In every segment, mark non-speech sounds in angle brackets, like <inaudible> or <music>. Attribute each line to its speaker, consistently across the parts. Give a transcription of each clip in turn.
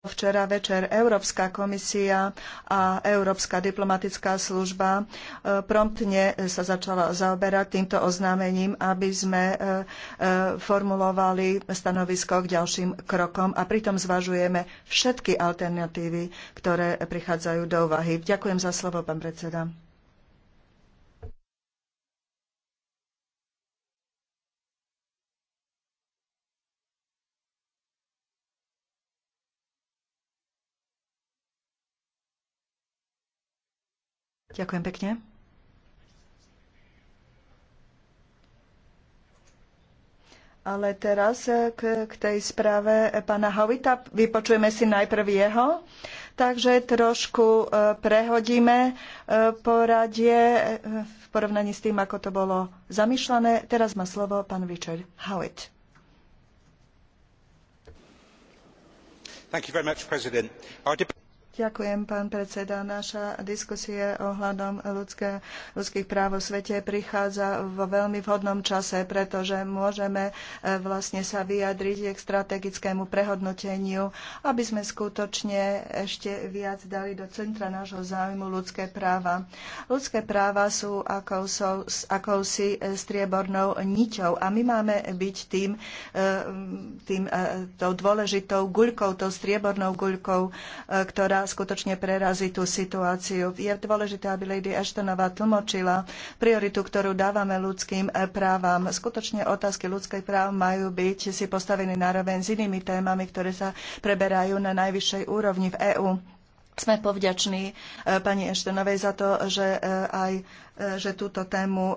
Speaker 1: Včera večer Európska komisia a Európska diplomatická služba e, promptne sa začala zaoberať týmto oznámením, aby sme e, e, formulovali stanovisko k ďalším krokom a pritom zvažujeme všetky alternatívy, ktoré prichádzajú do úvahy. Ďakujem za slovo, pán predseda. Ďakujem pekne. Ale teraz k, k tej správe pána Hovita. Vypočujeme si najprv jeho. Takže trošku e, prehodíme e, poradie e, v porovnaní s tým, ako to bolo zamýšľané. Teraz má slovo pán Richard Howitt.
Speaker 2: Thank you very much, President. Our
Speaker 1: Ďakujem, pán predseda. Naša diskusia ohľadom ľudské, ľudských práv vo svete prichádza vo veľmi vhodnom čase, pretože môžeme e, vlastne sa vyjadriť k strategickému prehodnoteniu, aby sme skutočne ešte viac dali do centra nášho záujmu ľudské práva. Ľudské práva sú akousi akou e, striebornou niťou a my máme byť tým, e, tým tou dôležitou guľkou, tou striebornou guľkou, ktorá skutočne prerazí tú situáciu. Je dôležité, aby Lady Ashtonová tlmočila prioritu, ktorú dávame ľudským eh, právam. Skutočne otázky ľudských práv majú byť si postavené nároveň s inými témami, ktoré sa preberajú na najvyššej úrovni v EÚ. Sme povďační eh, pani Eštenovej za to, že eh, aj že túto tému e,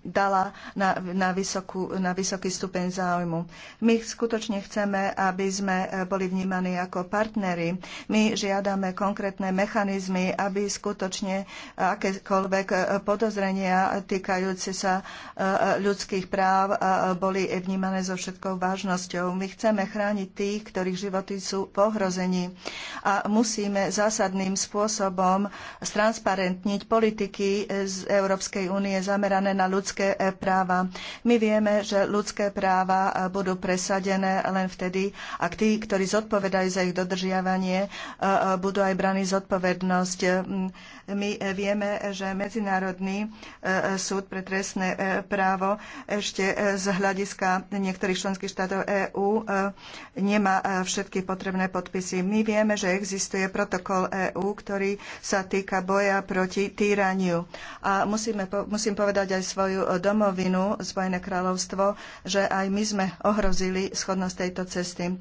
Speaker 1: dala na, na, vysokú, na vysoký stupeň záujmu. My skutočne chceme, aby sme e, boli vnímaní ako partnery. My žiadame konkrétne mechanizmy, aby skutočne akékoľvek e, podozrenia týkajúce sa ľudských práv boli vnímané so všetkou vážnosťou. My chceme chrániť tých, ktorých životy sú v ohrození a musíme zásadným spôsobom stransparentniť politiku politiky z Európskej únie zamerané na ľudské e, práva. My vieme, že ľudské práva e, budú presadené len vtedy, ak tí, ktorí zodpovedajú za ich dodržiavanie, e, budú aj braní zodpovednosť my vieme, že Medzinárodný e, súd pre trestné e, právo ešte e, z hľadiska niektorých členských štátov EÚ nemá všetky potrebné podpisy. My vieme, že existuje protokol EÚ, ktorý sa týka boja proti týraniu. A musíme, musím povedať aj svoju domovinu, Spojené kráľovstvo, že aj my sme ohrozili schodnosť tejto cesty.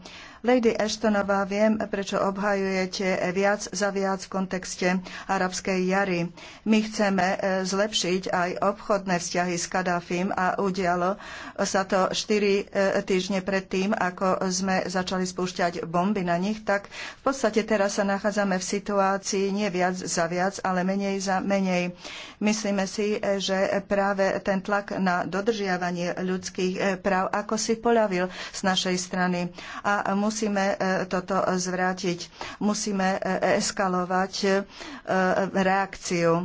Speaker 1: Lady Ashtonová, viem, prečo obhajujete viac za viac v kontexte arabskej jary. My chceme e, zlepšiť aj obchodné vzťahy s Kadáfim a udialo sa to 4 e, týždne pred tým, ako sme začali spúšťať bomby na nich, tak v podstate teraz sa nachádzame v situácii nie viac za viac, ale menej za menej. Myslíme si, e, že práve ten tlak na dodržiavanie ľudských práv ako si poľavil z našej strany. A musíme e, toto zvrátiť. Musíme e, eskalovať e, reakciu.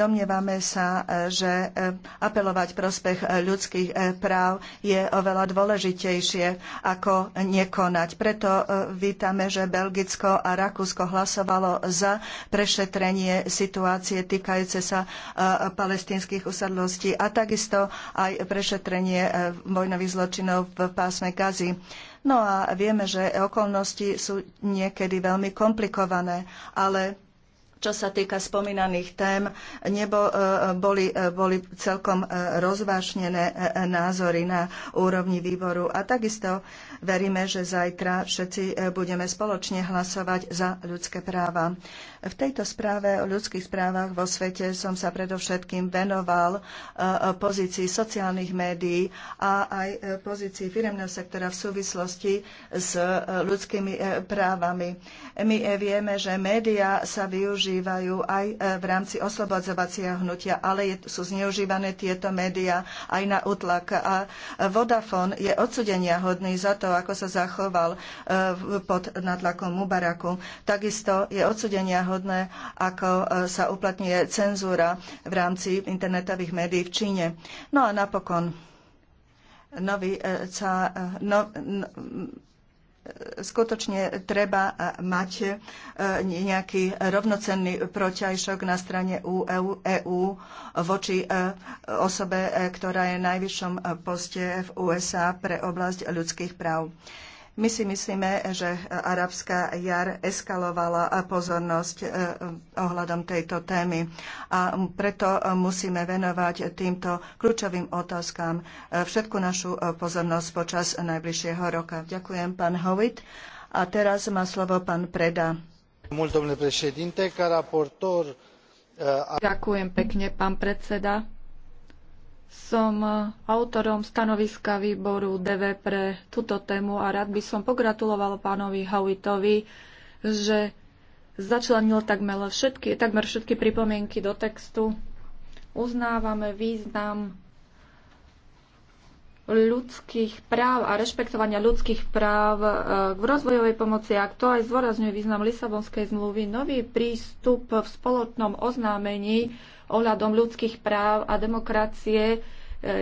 Speaker 1: Domnievame sa, že apelovať prospech ľudských práv je oveľa dôležitejšie ako nekonať. Preto vítame, že Belgicko a Rakúsko hlasovalo za prešetrenie situácie týkajúce sa palestínskych usadlostí a takisto aj prešetrenie vojnových zločinov v pásme Gazy No a vieme, že okolnosti sú niekedy veľmi komplikované, ale čo sa týka spomínaných tém, nebo, e, boli, e, boli celkom e, rozvášnené názory na úrovni výboru. A takisto Veríme, že zajtra všetci e, budeme spoločne hlasovať za ľudské práva. V tejto správe o ľudských právach vo svete som sa predovšetkým venoval e, e, pozícii sociálnych médií a aj pozícii firemného sektora v súvislosti s ľudskými právami. My vieme, že médiá sa využívajú aj v rámci oslobodzovacieho hnutia, ale sú zneužívané tieto médiá aj na utlak. A Vodafone je odsudenia hodný za to, toho, ako sa zachoval eh, pod nadlakom Mubaraku. Takisto je odsudenia hodné, ako eh, sa uplatňuje cenzúra v rámci internetových médií v Číne. No a napokon nový, eh, ca, no, no, skutočne treba mať e, nejaký rovnocenný protiajšok na strane EÚ e voči e, osobe, ktorá je najvyššom poste v USA pre oblasť ľudských práv. My si myslíme, že arabská jar eskalovala pozornosť e, e, ohľadom tejto témy a preto musíme venovať týmto kľúčovým otázkam e, všetku našu pozornosť počas najbližšieho roka. Ďakujem, pán Howitt. A teraz má slovo pán Preda.
Speaker 2: Ďakujem
Speaker 3: pekne, pán predseda som e, autorom stanoviska výboru DV pre túto tému a rád by som pogratuloval pánovi Hauitovi, že začlenil takmer všetky, takmer všetky pripomienky do textu. Uznávame význam ľudských práv a rešpektovania ľudských práv e, v rozvojovej pomoci a to aj zvorazňuje význam Lisabonskej zmluvy. Nový prístup v spoločnom oznámení ohľadom ľudských práv a demokracie e,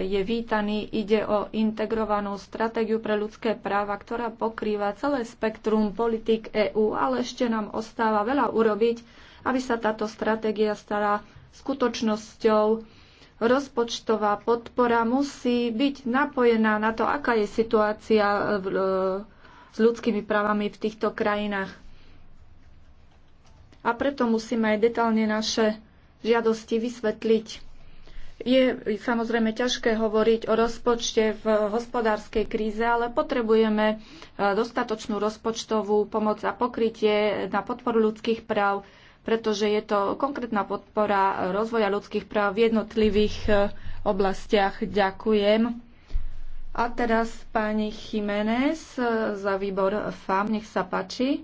Speaker 3: je vítaný. Ide o integrovanú stratégiu pre ľudské práva, ktorá pokrýva celé spektrum politik EÚ, ale ešte nám ostáva veľa urobiť, aby sa táto stratégia stala skutočnosťou. Rozpočtová podpora musí byť napojená na to, aká je situácia v, e, s ľudskými právami v týchto krajinách. A preto musíme aj detálne naše žiadosti vysvetliť. Je samozrejme ťažké hovoriť o rozpočte v hospodárskej kríze, ale potrebujeme e, dostatočnú rozpočtovú pomoc a pokrytie na podporu ľudských práv, pretože je to konkrétna podpora rozvoja ľudských práv v jednotlivých e, oblastiach. Ďakujem. A teraz pani Jiménez e, za výbor FAM, nech sa páči.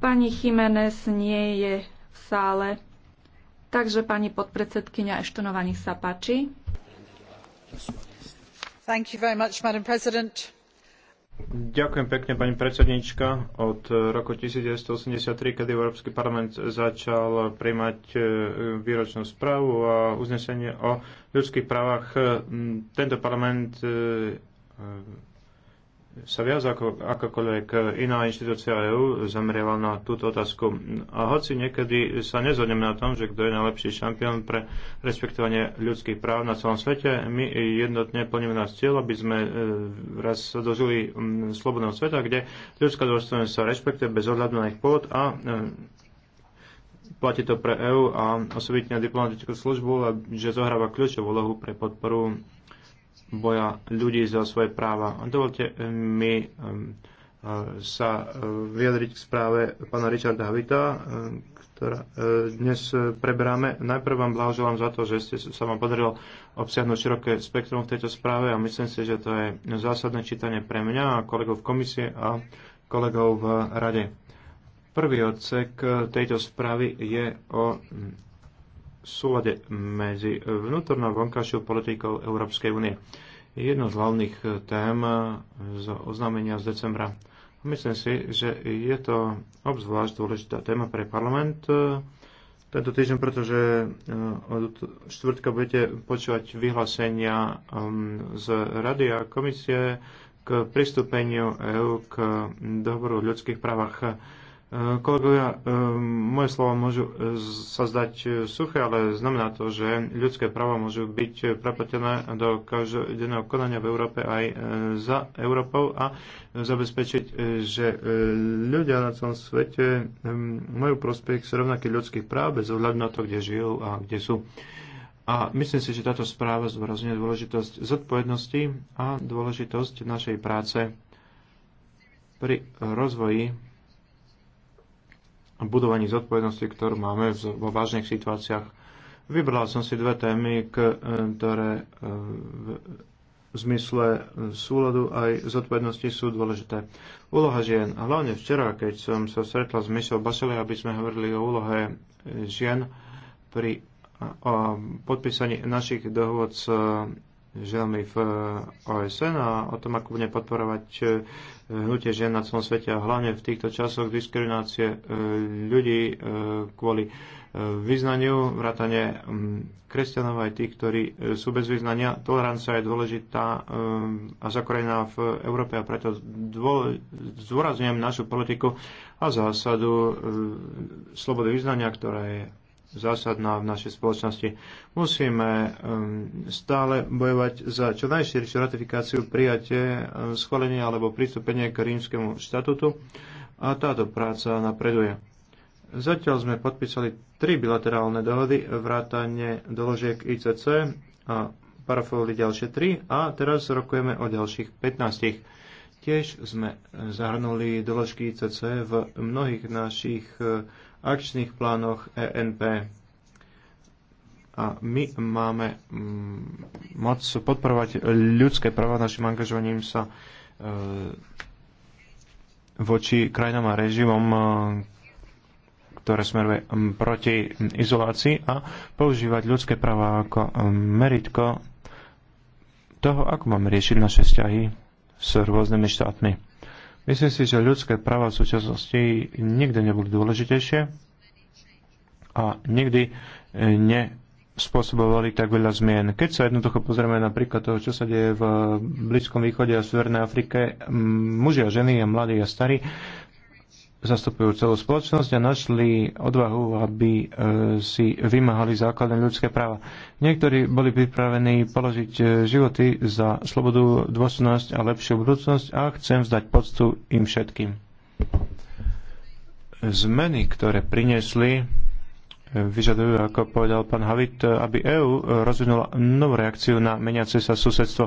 Speaker 3: Pani Jiménez nie je v sále, takže pani podpredsedkynia Eštonová, nech sa páči. Much,
Speaker 2: Ďakujem pekne, pani predsednička. Od roku 1983, kedy Európsky parlament začal prijímať e, výročnú správu a uznesenie o ľudských právach, tento parlament e, sa viac ako akákoľvek iná inštitúcia EÚ zameriaval na túto otázku. A hoci niekedy sa nezhodneme na tom, že kto je najlepší šampión pre respektovanie ľudských práv na celom svete, my jednotne plníme nás cieľ, aby sme e, raz dožili slobodného sveta, kde ľudská dôstojnosť sa rešpektuje bez ohľadu na ich pôvod a e, platí to pre EÚ a osobitne diplomatickú službu, že zohráva kľúčovú úlohu pre podporu boja ľudí za svoje práva. Dovolte eh, mi eh, eh, sa vyjadriť k správe pána Richarda Havita, ktorá dnes preberáme. Najprv vám blahoželám za to, že ste, sa vám podarilo obsiahnuť široké spektrum v tejto správe a myslím si, že to je zásadné čítanie pre mňa a kolegov v komisie a kolegov v rade. Prvý odsek tejto správy je o súlade medzi vnútornou vonkajšou politikou Európskej únie. Jedno z hlavných eh, tém eh, z oznámenia z decembra. Myslím si, že je to obzvlášť dôležitá téma pre parlament eh, tento týždeň, pretože od štvrtka budete počúvať vyhlásenia ehm, z Rady a komisie k pristúpeniu EÚ k dohovoru o ľudských právach Eh, kolegovia, eh, moje slova môžu eh, sa zdať suché, ale znamená to, že ľudské práva môžu byť prepletené do každodenného konania v Európe aj za Európou a zabezpečiť, že ľudia na celom svete majú prospech z rovnakých ľudských práv bez ohľadu na to, kde žijú a kde sú. A myslím si, že táto správa zdôrazňuje dôležitosť zodpovednosti a dôležitosť našej práce pri rozvoji budovaní zodpovednosti, ktorú máme vo vážnych situáciách. Vybral som si dve témy, e, ktoré e, v zmysle e, súladu aj zodpovednosti sú dôležité. Úloha žien. Hlavne včera, keď som sa stretla s Myšou Bašelej, aby sme hovorili o úlohe žien pri podpísaní našich dohôd s ženami v eh, OSN a o tom, ako budeme podporovať eh, hnutie žien na celom svete a hlavne v týchto časoch diskriminácie eh, ľudí kvôli vyznaniu, vrátane mm, kresťanov aj tých, ktorí sú bez vyznania. Tolerancia je dôležitá a zakorená v Európe a preto zdôrazňujem našu politiku a zásadu slobody vyznania, ktorá je zásadná v našej spoločnosti. Musíme um, stále bojovať za čo najširšiu ratifikáciu, prijatie, um, schválenie alebo pristúpenie k rímskemu štatutu a táto práca napreduje. Zatiaľ sme podpísali tri bilaterálne dohody, vrátanie doložiek ICC a parafovali ďalšie tri a teraz rokujeme o ďalších 15. Tiež sme zahrnuli doložky ICC v mnohých našich eh, akčných plánoch ENP. A my máme mm, moc podporovať ľudské práva našim angažovaním sa e, voči krajinám a režimom, e, ktoré smeruje proti izolácii a používať ľudské práva ako e, meritko toho, ako máme riešiť naše vzťahy s rôznymi štátmi. Myslím si, že ľudské práva v súčasnosti nikdy neboli dôležitejšie a nikdy e, nespôsobovali tak veľa zmien. Keď sa jednoducho pozrieme napríklad toho, čo sa deje v Blízkom východe a Severnej Afrike, muži a ženy a mladí a starí zastupujú celú spoločnosť a našli odvahu, aby e, si vymáhali základné ľudské práva. Niektorí boli pripravení položiť e, životy za slobodu, dôstojnosť a lepšiu budúcnosť a chcem vzdať poctu im všetkým. Zmeny, ktoré priniesli e, vyžadujú, ako povedal pán Havit, aby EÚ rozvinula novú reakciu na meniace sa susedstvo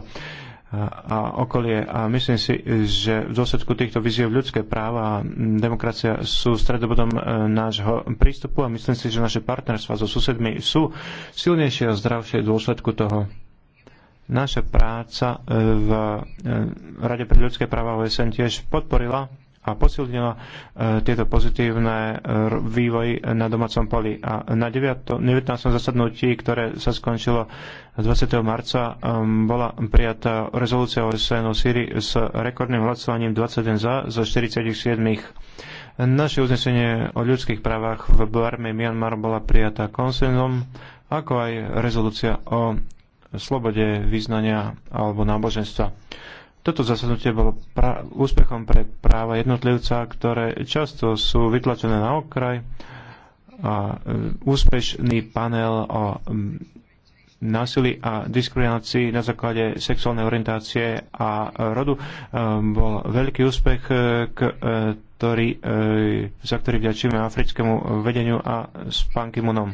Speaker 2: a okolie. A myslím si, že v dôsledku týchto víziev ľudské práva a demokracia sú stredobodom e, nášho prístupu a myslím si, že naše partnerstva so susedmi sú silnejšie a zdravšie v dôsledku toho. Naša práca e, v e, Rade pre ľudské práva OSN tiež podporila a posilnila e, tieto pozitívne e, vývoj na domácom poli. A na 19. zasadnutí, ktoré sa skončilo 20. marca, bola prijatá rezolúcia OSN o Syrii s rekordným hlasovaním 21 za zo 47 naše uznesenie o ľudských právach v Barme Myanmar bola prijatá konsenzom, ako aj rezolúcia o slobode vyznania alebo náboženstva. Toto zasadnutie bolo úspechom pre práva jednotlivca, ktoré často sú vytlačené na okraj. A e, úspešný panel o násilí a diskriminácii na základe sexuálnej orientácie a rodu e, bol veľký úspech, e, ktorý, za ktorý vďačíme africkému vedeniu a s Pan Munom.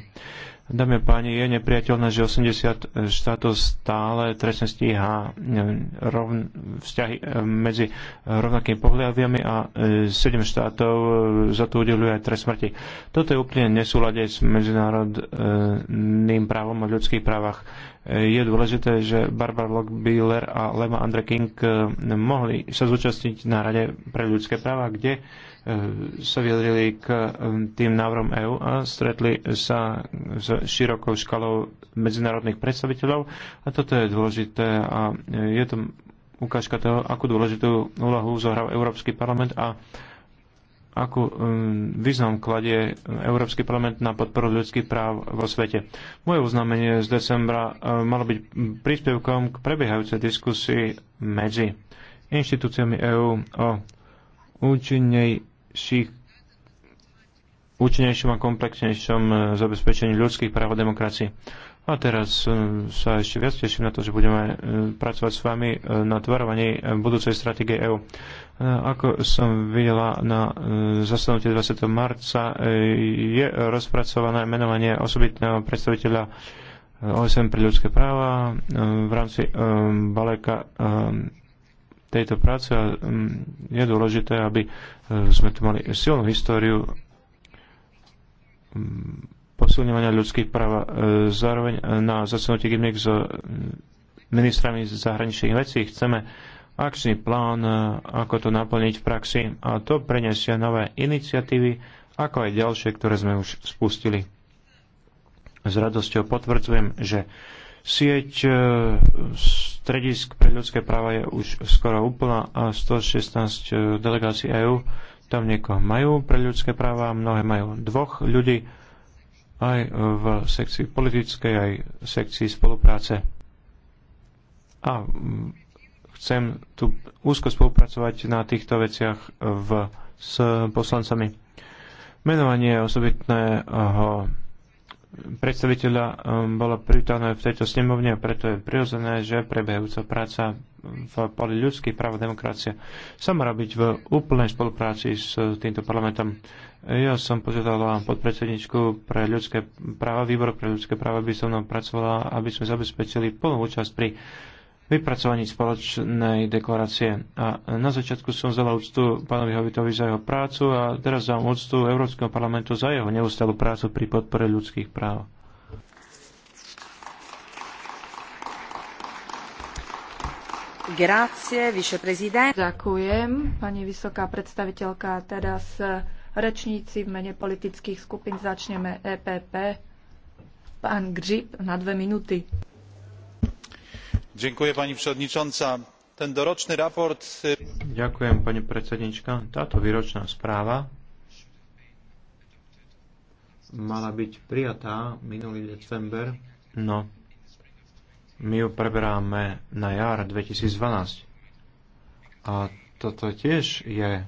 Speaker 2: Dámy a páni, je nepriateľné, že 80 štátov stále trestne stíha e, rovn, vzťahy e, medzi rovnakými pohľaviami a 7 e, štátov za to udeluje aj trest smrti. Toto je úplne nesúlade s medzinárodným právom o ľudských právach. Je dôležité, že Barbara Lockbiller a Lema Andre King mohli sa zúčastniť na Rade pre ľudské práva, kde sa vyjadrili k um, tým návrom EÚ a stretli sa s širokou škalou medzinárodných predstaviteľov. A toto je dôležité a je to ukážka toho, akú dôležitú úlohu zohral Európsky parlament a akú um, význam kladie Európsky parlament na podporu ľudských práv vo svete. Moje uznámenie z decembra um, malo byť príspevkom k prebiehajúcej diskusii medzi inštitúciami EÚ o účinnej účinnejších účinnejšom a komplexnejšom e, zabezpečení ľudských práv a demokracie. A teraz e, sa ešte viac teším na to, že budeme e, pracovať s vami na tvarovaní budúcej stratégie EÚ. Ako som videla na zasadnutí 20. marca, je rozpracované menovanie osobitného predstaviteľa OSM pre ľudské práva v rámci baleka tejto práce a mm, je dôležité, aby e, sme tu mali silnú históriu mm, posilňovania ľudských práv. E, zároveň na zasadnutí Gimnik s mm, ministrami zahraničných vecí chceme akčný plán, e, ako to naplniť v praxi a to preniesie nové iniciatívy, ako aj ďalšie, ktoré sme už spustili. S radosťou potvrdzujem, že sieť stredisk pre ľudské práva je už skoro úplná a 116 e, delegácií EÚ tam niekoho majú pre ľudské práva, mnohé majú dvoch ľudí aj v sekcii politickej, aj v sekcii spolupráce. A mm, chcem tu úzko spolupracovať na týchto veciach v, s poslancami. Menovanie osobitného predstaviteľa um, bolo pritáhnuté v tejto snemovne a preto je prirodzené, že prebehajúca práca v poli ľudských práv a demokracie sa má robiť v úplnej spolupráci s týmto parlamentom. Ja som požiadala podpredsedničku pre ľudské práva, výbor pre ľudské práva, aby som nám pracovala, aby sme zabezpečili plnú účasť pri vypracovaní spoločnej deklarácie. A na začiatku som vzala úctu pánovi Hovitovi za jeho prácu a teraz dám úctu Európskeho parlamentu za jeho neustalú prácu pri podpore ľudských práv.
Speaker 4: Grazie,
Speaker 3: Ďakujem, pani vysoká predstaviteľka. Teraz e, rečníci v mene politických skupín začneme EPP. Pán Gžip na dve minúty
Speaker 2: pani táto výročná správa mala byť prijatá minulý december no my ju preberáme na jar 2012 a toto tiež je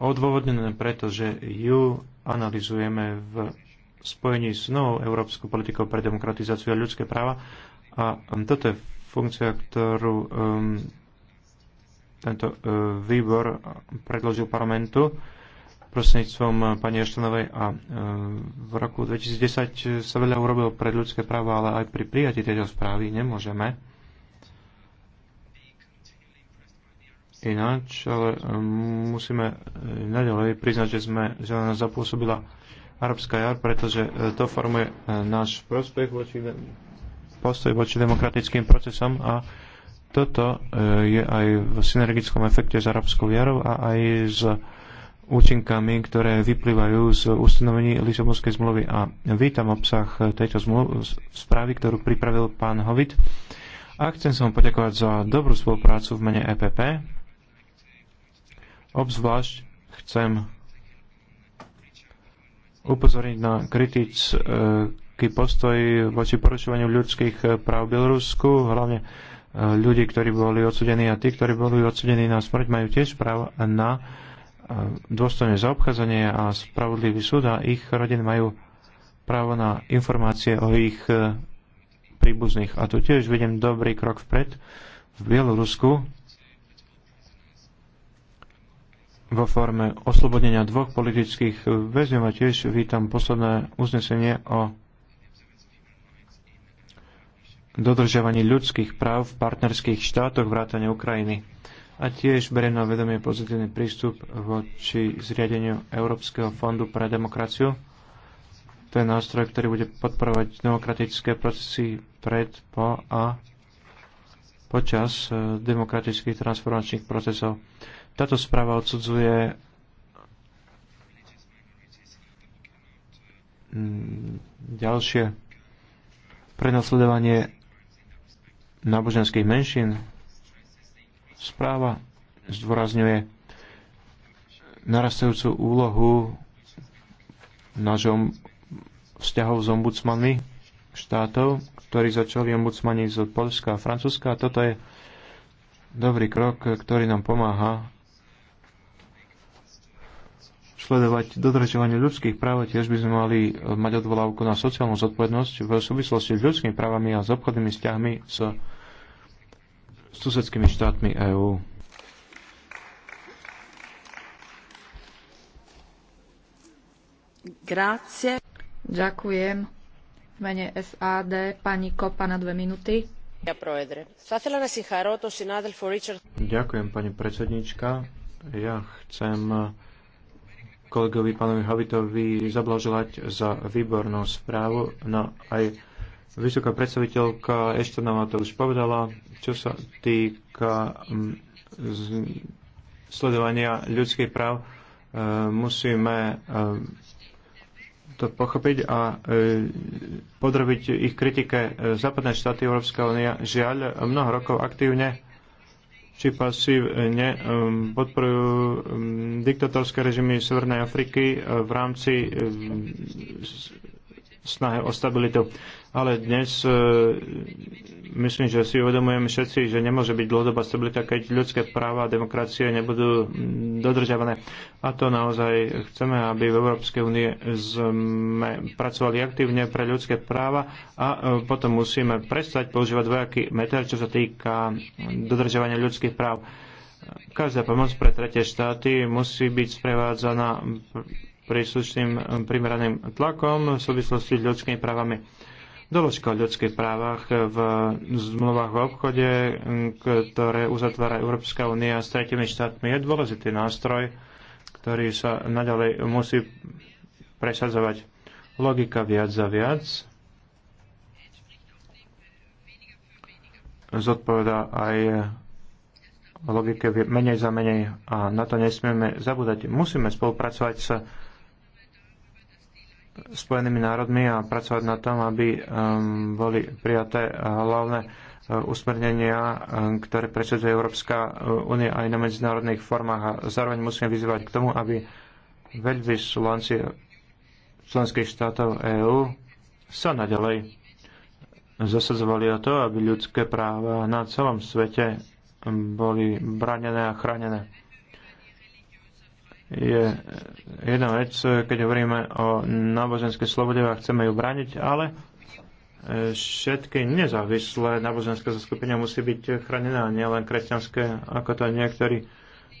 Speaker 2: odôvodnené pretože ju analizujeme v spojení s novou európskou politikou pre demokratizáciu a ľudské práva a toto je Funkcia, ktorú um, tento uh, výbor predložil parlamentu prostredníctvom pani Eštanovej a uh, v roku 2010 sa veľa urobilo pre ľudské práva, ale aj pri prijatí tejto správy nemôžeme ináč, ale um, musíme uh, naďalej priznať, že, sme, že nás zapôsobila arabská jar, pretože uh, to formuje uh, náš prospech voči postoj voči demokratickým procesom a toto e, je aj v synergickom efekte s arabskou jarou a aj s účinkami, ktoré vyplývajú z ustanovení Lisabonskej zmluvy. A vítam obsah tejto správy, ktorú pripravil pán Hovit. A chcem sa vám poďakovať za dobrú spoluprácu v mene EPP. Obzvlášť chcem upozorniť na kritické e, rovnaký postoj voči porušovaniu ľudských eh, práv v Bielorusku, hlavne eh, ľudí, ktorí boli odsudení a tí, ktorí boli odsudení na smrť, majú tiež právo na eh, dôstojné zaobchádzanie a spravodlivý súd a ich rodiny majú právo na informácie o ich príbuzných. A tu tiež vidím dobrý krok vpred v Bielorusku vo forme oslobodenia dvoch politických väzňov a tiež vítam posledné uznesenie o dodržiavaní ľudských práv v partnerských štátoch vrátane Ukrajiny a tiež berie na vedomie pozitívny prístup voči zriadeniu Európskeho fondu pre demokraciu. To je nástroj, ktorý bude podporovať demokratické procesy pred, po a počas e, demokratických transformačných procesov. Táto správa odsudzuje mm, ďalšie prenasledovanie náboženských menšín. Správa zdôrazňuje narastajúcu úlohu nášho vzťahov s ombudsmanmi štátov, ktorí začali ombudsmani z Polska a Francúzska. Toto je dobrý krok, ktorý nám pomáha sledovať dodržovanie ľudských práv, tiež by sme mali mať odvolávku na sociálnu zodpovednosť v súvislosti s ľudskými právami a s obchodnými vzťahmi s susedskými štátmi EÚ.
Speaker 3: Grazie. Ďakujem. V mene SAD pani Kopa na dve minúty.
Speaker 2: Ďakujem, pani predsednička. Ja chcem kolegovi pánovi Havitovi zablaželať za výbornú správu. No aj vysoká predstaviteľka Eštonová to už povedala, čo sa týka mm, sledovania ľudských práv, e, musíme e, to pochopiť a e, podrobiť ich kritike západné štáty Európska únia. Žiaľ, mnoho rokov aktívne či pasívne um, podporujú um, diktatorské režimy Severnej Afriky uh, v rámci um, snahe o stabilitu. Ale dnes e, myslím, že si uvedomujeme všetci, že nemôže byť dlhodobá stabilita, keď ľudské práva a demokracie nebudú mm, dodržiavané. A to naozaj chceme, aby v Európskej únie sme pracovali aktívne pre ľudské práva a e, potom musíme prestať používať dvojaký meter, čo sa týka dodržiavania ľudských práv. Každá pomoc pre tretie štáty musí byť sprevádzaná príslušným eh, primeraným tlakom v súvislosti s ľudskými právami. Doložka o ľudských právach v zmluvách o obchode, eh, ktoré uzatvára Európska únia s tretimi štátmi, je dôležitý nástroj, ktorý sa naďalej musí presadzovať. Logika viac za viac zodpoveda aj logike menej za menej a na to nesmieme zabúdať. Musíme spolupracovať s Spojenými národmi a pracovať na tom, aby um, boli prijaté hlavné uh, usmernenia, um, ktoré presadzuje Európska uh, únia aj na medzinárodných formách. A zároveň musíme vyzývať k tomu, aby veľvyslanci členských štátov EÚ sa naďalej zasadzovali o to, aby ľudské práva na celom svete um, boli branené a chránené je jedna vec, keď hovoríme o náboženskej slobode a chceme ju brániť, ale e, všetky nezávislé náboženské zaskupenia musí byť chránené a nielen kresťanské, ako to niektorí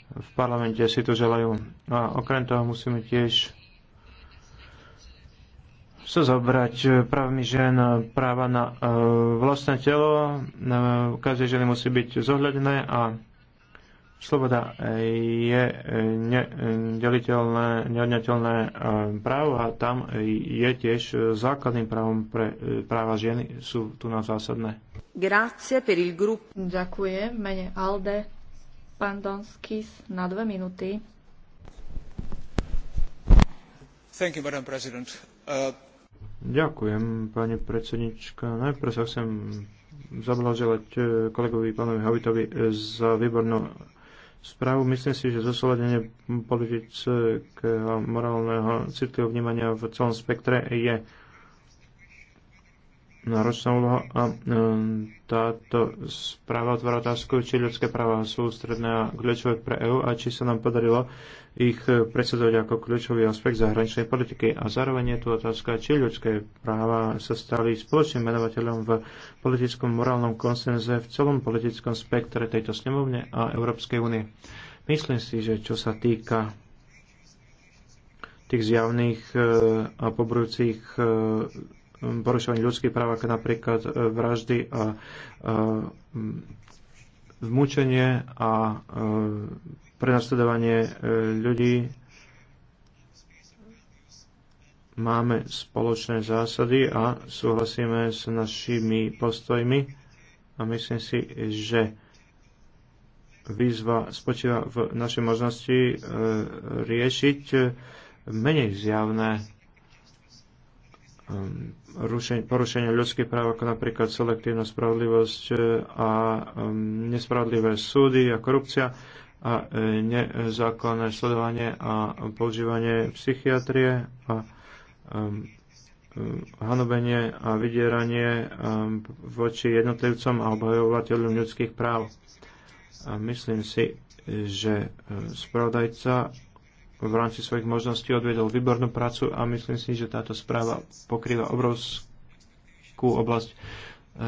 Speaker 2: v parlamente si to želajú. A okrem toho musíme tiež sa zobrať právmi žien, práva na e, vlastné telo. E, každej ženy musí byť zohľadené a Sloboda e, je e, e, neodňateľné právo a tam je tiež základným právom pre práva ženy sú tu na zásadné.
Speaker 3: Grazie per il grup. Ďakujem mene Alde. Pandonskis na dve minúty.
Speaker 2: Thank you, Madam President. Uh... Ďakujem, pani predsednička. Najprv sa chcem zablaželať kolegovi pánovi Havitovi za výbornú správu. Myslím si, že zosledenie politického, morálneho, citlivého vnímania v celom spektre je náročná úloha a táto správa otvára otázku, či ľudské práva sú stredné a kľúčové pre EÚ a či sa nám podarilo ich predsedovať ako kľúčový aspekt zahraničnej politiky. A zároveň je tu otázka, či ľudské práva sa stali spoločným menovateľom v politickom morálnom konsenze v celom politickom spektre tejto snemovne a Európskej únie. Myslím si, že čo sa týka tých zjavných e, a pobrujúcich e, porušovanie ľudských práv, ako napríklad e, vraždy a, a vmúčenie a e, prenasledovanie e, ľudí. Máme spoločné zásady a súhlasíme s našimi postojmi a myslím si, že výzva spočíva v našej možnosti riešiť menej zjavné Um, porušenia ľudských práv, ako napríklad selektívna spravodlivosť e, a um, nespravodlivé súdy a korupcia a e, nezákonné sledovanie a používanie psychiatrie a um, hanobenie a vydieranie voči jednotlivcom a obhajovateľom ľudských práv. A myslím si, že e, spravodajca v rámci svojich možností odvedol výbornú prácu a myslím si, že táto správa pokrýva obrovskú oblasť eh,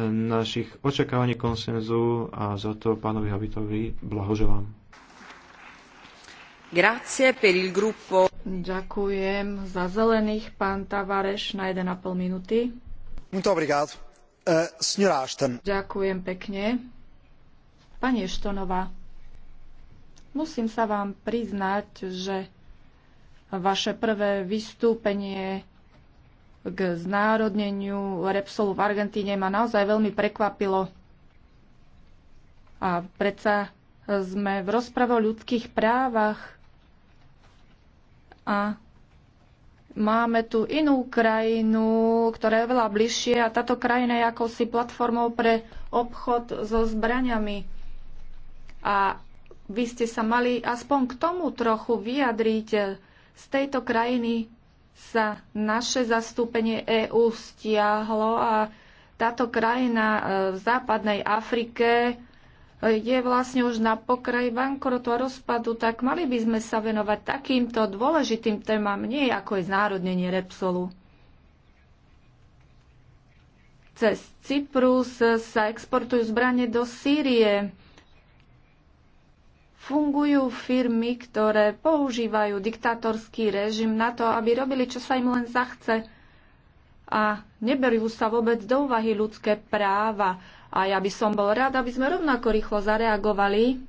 Speaker 2: našich očakávaní konsenzu a za to pánovi Habitovi blahoželám.
Speaker 3: Grazie per il gruppo. Ďakujem za zelených, pán Tavareš, na 1,5 minúty. Muito obrigado. Uh, Ashton. Ďakujem pekne. Pani Štonová, musím sa vám priznať, že vaše prvé vystúpenie k znárodneniu Repsolu v Argentíne ma naozaj veľmi prekvapilo. A predsa sme v rozprave o ľudských právach a máme tu inú krajinu, ktorá je veľa bližšie a táto krajina je ako si platformou pre obchod so zbraňami. A vy ste sa mali aspoň k tomu trochu vyjadriť, z tejto krajiny sa naše zastúpenie EÚ stiahlo a táto krajina e, v západnej Afrike e, je vlastne už na pokraji bankrotu a rozpadu, tak mali by sme sa venovať takýmto dôležitým témam, nie ako je znárodnenie Repsolu. Cez Cyprus sa exportujú zbranie do Sýrie fungujú firmy, ktoré používajú diktátorský režim na to, aby robili, čo sa im len zachce a neberú sa vôbec do úvahy ľudské práva. A ja by som bol rád, aby sme rovnako rýchlo zareagovali,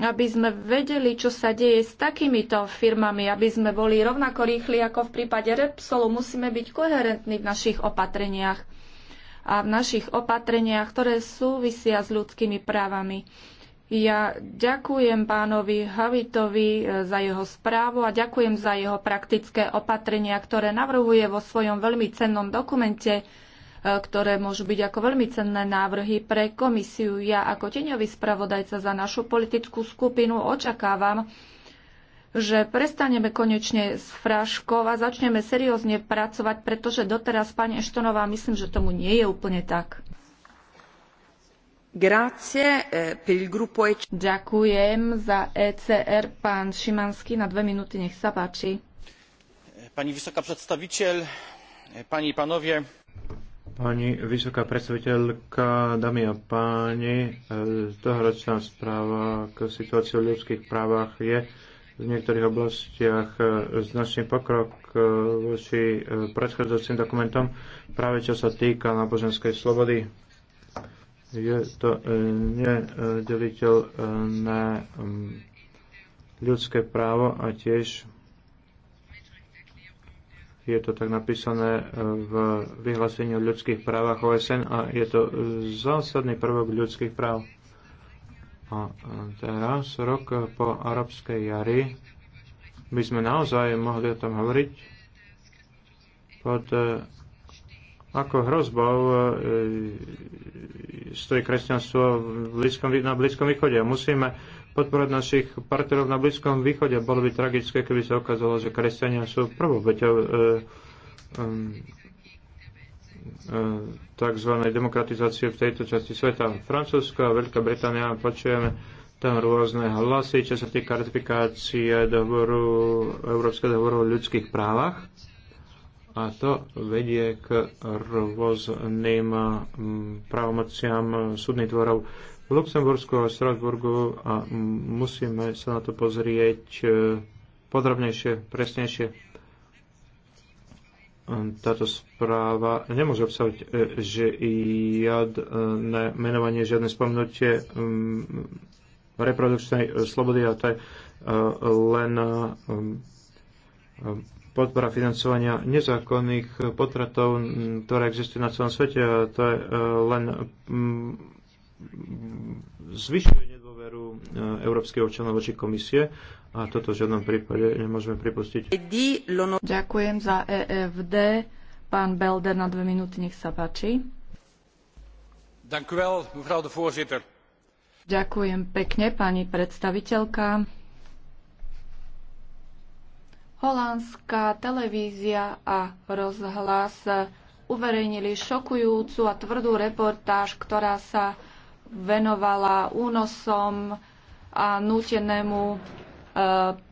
Speaker 3: aby sme vedeli, čo sa deje s takýmito firmami, aby sme boli rovnako rýchli ako v prípade Repsolu. Musíme byť koherentní v našich opatreniach a v našich opatreniach, ktoré súvisia s ľudskými právami. Ja ďakujem pánovi Havitovi e, za jeho správu a ďakujem za jeho praktické opatrenia, ktoré navrhuje vo svojom veľmi cennom dokumente, e, ktoré môžu byť ako veľmi cenné návrhy pre komisiu. Ja ako teňový spravodajca za našu politickú skupinu očakávam, že prestaneme konečne s fraškou a začneme seriózne pracovať, pretože doteraz, pani Eštonová, myslím, že tomu nie je úplne tak.
Speaker 4: Grazie, eh,
Speaker 3: gruppo... E Ďakujem za ECR, pán Šimanský, na dve minúty, nech sa
Speaker 2: páči. Pani vysoká predstaviteľ, eh, pani panovie. Pani vysoká predstaviteľka, dámy a páni, eh, tohoročná správa k situácii o ľudských právach je v niektorých oblastiach e, značný pokrok e, voči e, predchádzajúcim dokumentom, práve čo sa týka náboženskej slobody. Je to nedeliteľné ľudské právo a tiež je to tak napísané v vyhlásení o ľudských právach OSN a je to zásadný prvok ľudských práv. A teraz, rok po arabskej jari, by sme naozaj mohli o tom hovoriť pod e, ako hrozbou e, stojí kresťanstvo v blízkom, na Blízkom východe. Musíme podporovať našich partnerov na Blízkom východe. Bolo by tragické, keby sa okázalo, že kresťania sú prvou beťou e, e, e tzv. demokratizácie v tejto časti sveta. Francúzsko a Veľká Británia počujeme tam rôzne hlasy, čo sa týka ratifikácie dohovoru, Európskeho dohovoru o ľudských právach. A to vedie k rôznym mm, právomociam súdnych dvorov v Luxembursku a Strasburgu a musíme sa na to pozrieť eh, podrobnejšie, presnejšie táto správa nemôže obsahovať e, žiadne menovanie, žiadne spomenutie mm, reprodukčnej e, slobody a to je e, len podpora financovania nezákonných potratov, ktoré existujú na celom svete. A to je len mm, zvyšuje dôveru e, európskych občana voči komisie a toto v žiadnom prípade nemôžeme pripustiť.
Speaker 3: Ďakujem za EFD. Pán Belder na dve minúty, nech sa páči. Ďakujem pekne, pani predstaviteľka. Holandská televízia a rozhlas uverejnili šokujúcu a tvrdú reportáž, ktorá sa venovala únosom a nútenému e,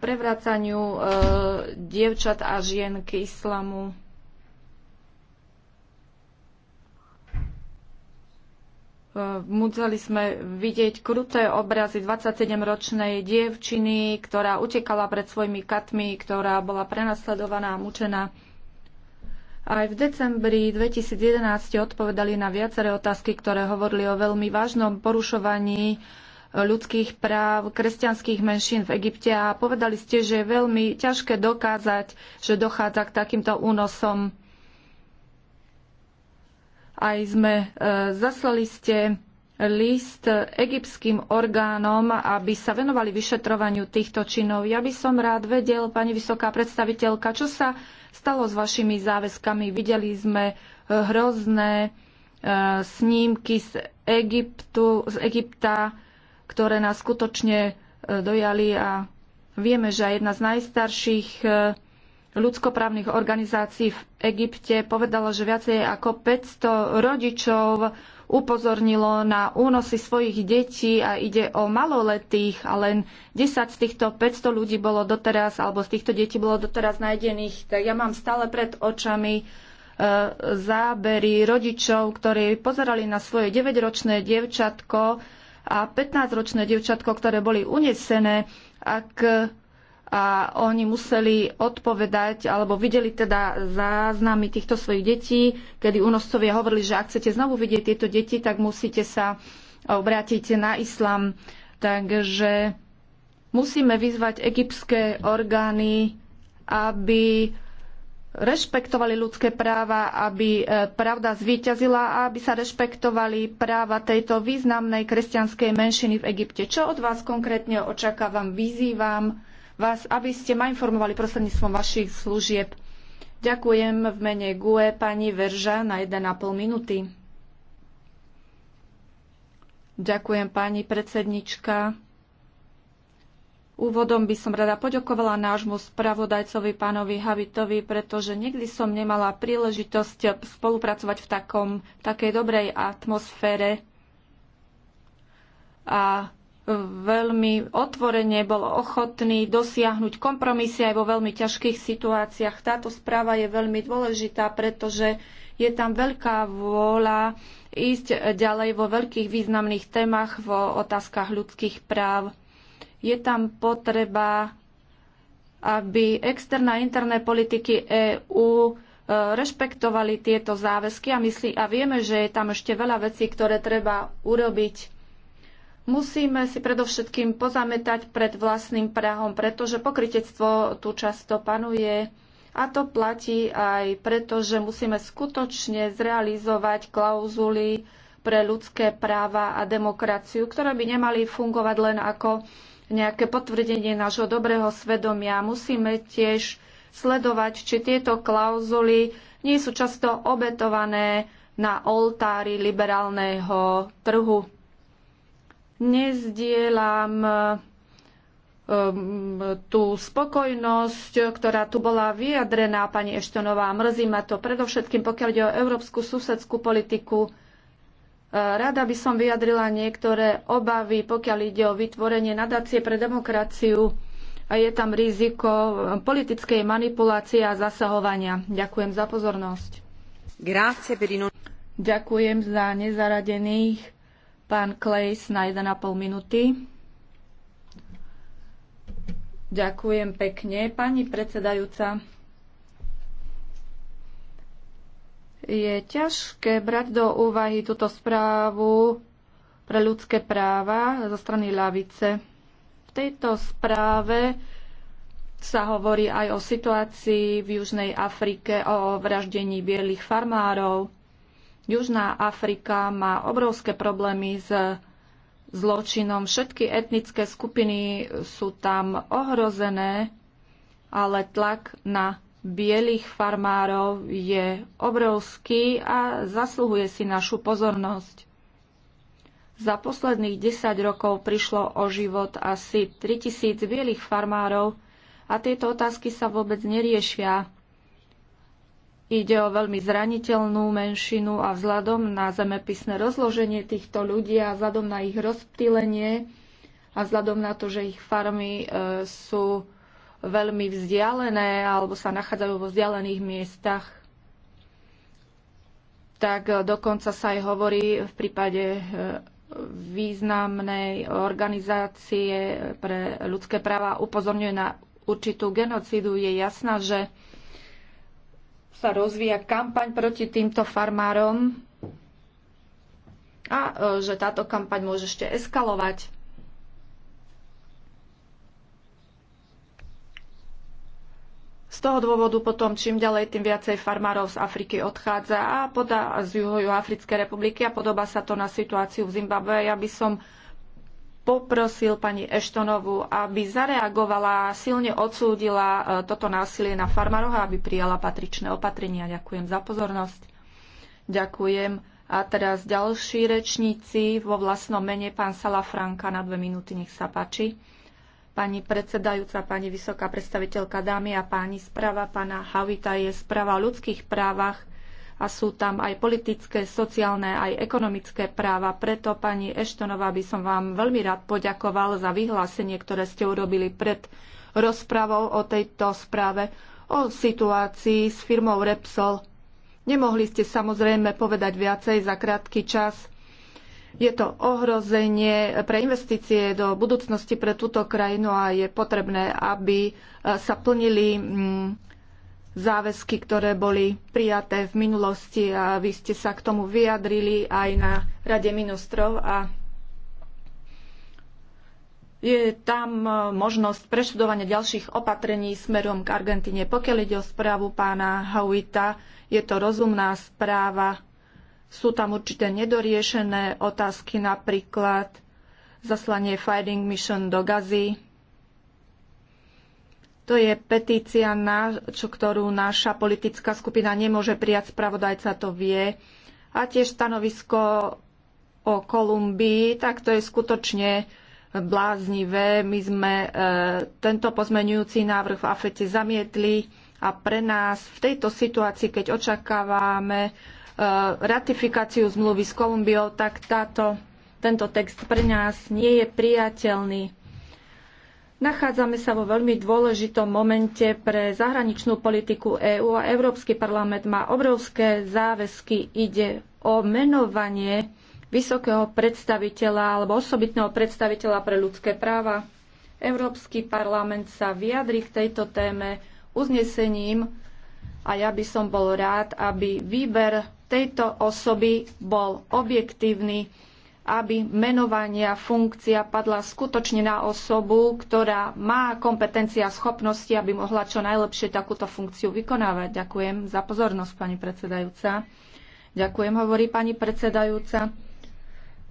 Speaker 3: prevracaniu e, dievčat a žien k islamu. E, museli sme vidieť kruté obrazy 27-ročnej dievčiny, ktorá utekala pred svojimi katmi, ktorá bola prenasledovaná a mučená. Aj v decembri 2011 odpovedali na viaceré otázky, ktoré hovorili o veľmi vážnom porušovaní ľudských práv kresťanských menšín v Egypte a povedali ste, že je veľmi ťažké dokázať, že dochádza k takýmto únosom. Aj sme e, zaslali ste list egyptským orgánom, aby sa venovali vyšetrovaniu týchto činov. Ja by som rád vedel, pani vysoká predstaviteľka, čo sa stalo s vašimi záväzkami. Videli sme eh, hrozné eh, snímky z, Egyptu, z Egypta, ktoré nás skutočne eh, dojali a vieme, že aj jedna z najstarších ľudskoprávnych organizácií v Egypte povedala, že viacej ako 500 rodičov upozornilo na únosy svojich detí a ide o maloletých a len 10 z týchto 500 ľudí bolo doteraz, alebo z týchto detí bolo doteraz nájdených. Tak ja mám stále pred očami e, zábery rodičov, ktorí pozerali na svoje 9-ročné dievčatko a 15-ročné dievčatko, ktoré boli unesené. Ak a oni museli odpovedať, alebo videli teda záznamy týchto svojich detí, kedy únoscovia hovorili, že ak chcete znovu vidieť tieto deti, tak musíte sa obrátiť na islam. Takže musíme vyzvať egyptské orgány, aby rešpektovali ľudské práva, aby e, pravda zvíťazila a aby sa rešpektovali práva tejto významnej kresťanskej menšiny v Egypte. Čo od vás konkrétne očakávam? Vyzývam vás, aby ste ma informovali prostredníctvom vašich služieb. Ďakujem v mene GUE pani Verža na 1,5 minúty. Ďakujem pani predsednička. Úvodom by som rada poďakovala nášmu spravodajcovi pánovi Havitovi, pretože nikdy som nemala príležitosť spolupracovať v takom, takej dobrej atmosfére. A veľmi otvorene bol ochotný dosiahnuť kompromisy aj vo veľmi ťažkých situáciách. Táto správa je veľmi dôležitá, pretože je tam veľká vôľa ísť ďalej vo veľkých významných témach, vo otázkach ľudských práv. Je tam potreba, aby externá a interné politiky EÚ e, rešpektovali tieto záväzky a, myslí, a vieme, že je tam ešte veľa vecí, ktoré treba urobiť Musíme si predovšetkým pozametať pred vlastným prahom, pretože pokritectvo tu často panuje. A to platí aj preto, že musíme skutočne zrealizovať klauzuly pre ľudské práva a demokraciu, ktoré by nemali fungovať len ako nejaké potvrdenie nášho dobrého svedomia. Musíme tiež sledovať, či tieto klauzuly nie sú často obetované na oltári liberálneho trhu nezdielam e, e, tú spokojnosť, ktorá tu bola vyjadrená, pani Eštonová. Mrzí ma to predovšetkým, pokiaľ ide o európsku susedskú politiku. E, rada by som vyjadrila niektoré obavy, pokiaľ ide o vytvorenie nadácie pre demokraciu a je tam riziko politickej manipulácie a zasahovania. Ďakujem za pozornosť. Ďakujem za nezaradených. Pán Klejs na 1,5 minúty. Ďakujem pekne, pani predsedajúca. Je ťažké brať do úvahy túto správu pre ľudské práva zo strany ľavice. V tejto správe sa hovorí aj o situácii v Južnej Afrike, o vraždení bielých farmárov, Južná Afrika má obrovské problémy s zločinom. Všetky etnické skupiny sú tam ohrozené, ale tlak na bielých farmárov je obrovský a zasluhuje si našu pozornosť. Za posledných 10 rokov prišlo o život asi 3000 bielých farmárov a tieto otázky sa vôbec neriešia. Ide o veľmi zraniteľnú menšinu a vzhľadom na zemepisné rozloženie týchto ľudí a vzhľadom na ich rozptýlenie a vzhľadom na to, že ich farmy e, sú veľmi vzdialené alebo sa nachádzajú vo vzdialených miestach, tak e, dokonca sa aj hovorí v prípade e, významnej organizácie pre ľudské práva upozorňuje na určitú genocídu. Je jasná, že sa rozvíja kampaň proti týmto farmárom a e, že táto kampaň môže ešte eskalovať. Z toho dôvodu potom čím ďalej, tým viacej farmárov z Afriky odchádza a podá z juhoju Africkej republiky a podobá sa to na situáciu v Zimbabwe. Ja by som poprosil pani Eštonovu, aby zareagovala a silne odsúdila e, toto násilie na farmároch a aby prijala patričné opatrenia. Ďakujem za pozornosť. Ďakujem. A teraz ďalší rečníci vo vlastnom mene, pán Sala Franka, na dve minúty, nech sa páči. Pani predsedajúca, pani vysoká predstaviteľka, dámy a páni, správa pána Havita je správa o ľudských právach a sú tam aj politické, sociálne, aj ekonomické práva. Preto, pani Eštonová, by som vám veľmi rád poďakoval za vyhlásenie, ktoré ste urobili pred rozpravou o tejto správe, o situácii s firmou Repsol. Nemohli ste samozrejme povedať viacej za krátky čas. Je to ohrozenie pre investície do budúcnosti pre túto krajinu a je potrebné, aby sa plnili mm, záväzky, ktoré boli prijaté v minulosti a vy ste sa k tomu vyjadrili aj na Rade ministrov a je tam možnosť preštudovania ďalších opatrení smerom k Argentíne. Pokiaľ ide o správu pána Hauita, je to rozumná správa. Sú tam určité nedoriešené otázky, napríklad zaslanie Fighting Mission do Gazy, to je petícia, na, čo, ktorú naša politická skupina nemôže prijať, spravodajca to vie. A tiež stanovisko o Kolumbii, tak to je skutočne bláznivé. My sme e, tento pozmenujúci návrh v AFETE zamietli a pre nás v tejto situácii, keď očakávame e, ratifikáciu zmluvy s Kolumbiou, tak táto, tento text pre nás nie je priateľný. Nachádzame sa vo veľmi dôležitom momente pre zahraničnú politiku EÚ a Európsky parlament má obrovské záväzky. Ide o menovanie vysokého predstaviteľa alebo osobitného predstaviteľa pre ľudské práva. Európsky parlament sa vyjadri k tejto téme uznesením a ja by som bol rád, aby výber tejto osoby bol objektívny aby menovania funkcia padla skutočne na osobu, ktorá má kompetencia a schopnosti, aby mohla čo najlepšie takúto funkciu vykonávať. Ďakujem za pozornosť, pani predsedajúca. Ďakujem, hovorí pani predsedajúca.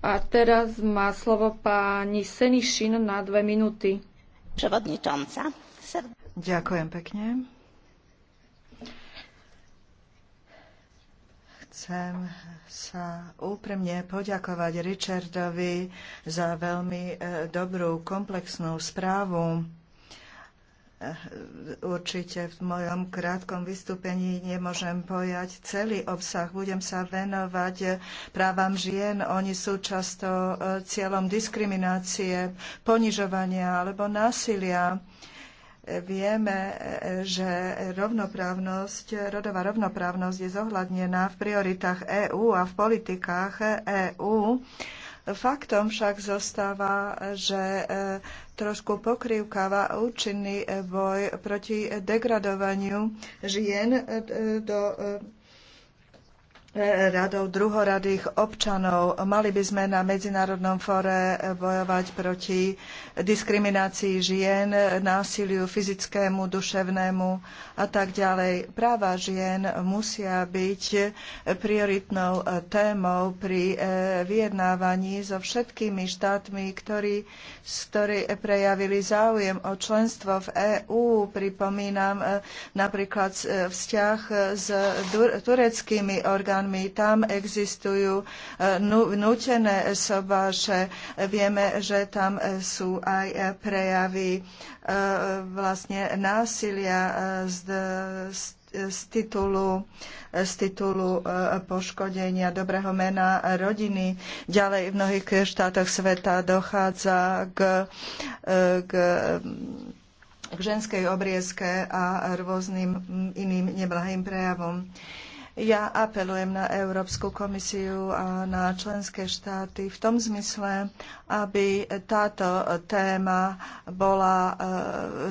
Speaker 3: A teraz má slovo pani Senišin na dve minúty.
Speaker 1: Ďakujem pekne. Chcem sa úprimne poďakovať Richardovi za veľmi e, dobrú komplexnú správu. E, určite v mojom krátkom vystúpení nemôžem pojať celý obsah. Budem sa venovať e, právam žien. Oni sú často cieľom diskriminácie, ponižovania alebo násilia vieme, že rovnoprávnosť, rodová rovnoprávnosť je zohľadnená v prioritách EÚ a v politikách EÚ. Faktom však zostáva, že eh, trošku pokrývkáva účinný boj proti degradovaniu žien eh, do eh, radov druhoradých občanov. Mali by sme na medzinárodnom fóre bojovať proti diskriminácii žien, násiliu fyzickému, duševnému a tak ďalej. Práva žien musia byť prioritnou témou pri e, vyjednávaní so všetkými štátmi, ktorí, ktorí prejavili záujem o členstvo v EÚ. Pripomínam e, napríklad e, vzťah s tureckými orgánmi regiónmi. Tam existujú e, nútené sobáše. Vieme, že tam e, sú aj e, prejavy vlastne násilia z, z z titulu, z titulu poškodenia dobrého mena rodiny. Ďalej v mnohých štátoch sveta dochádza k, k k ženskej obriezke a rôznym iným neblahým prejavom. Ja apelujem na Európsku komisiu a na členské štáty v tom zmysle, aby táto téma bola e,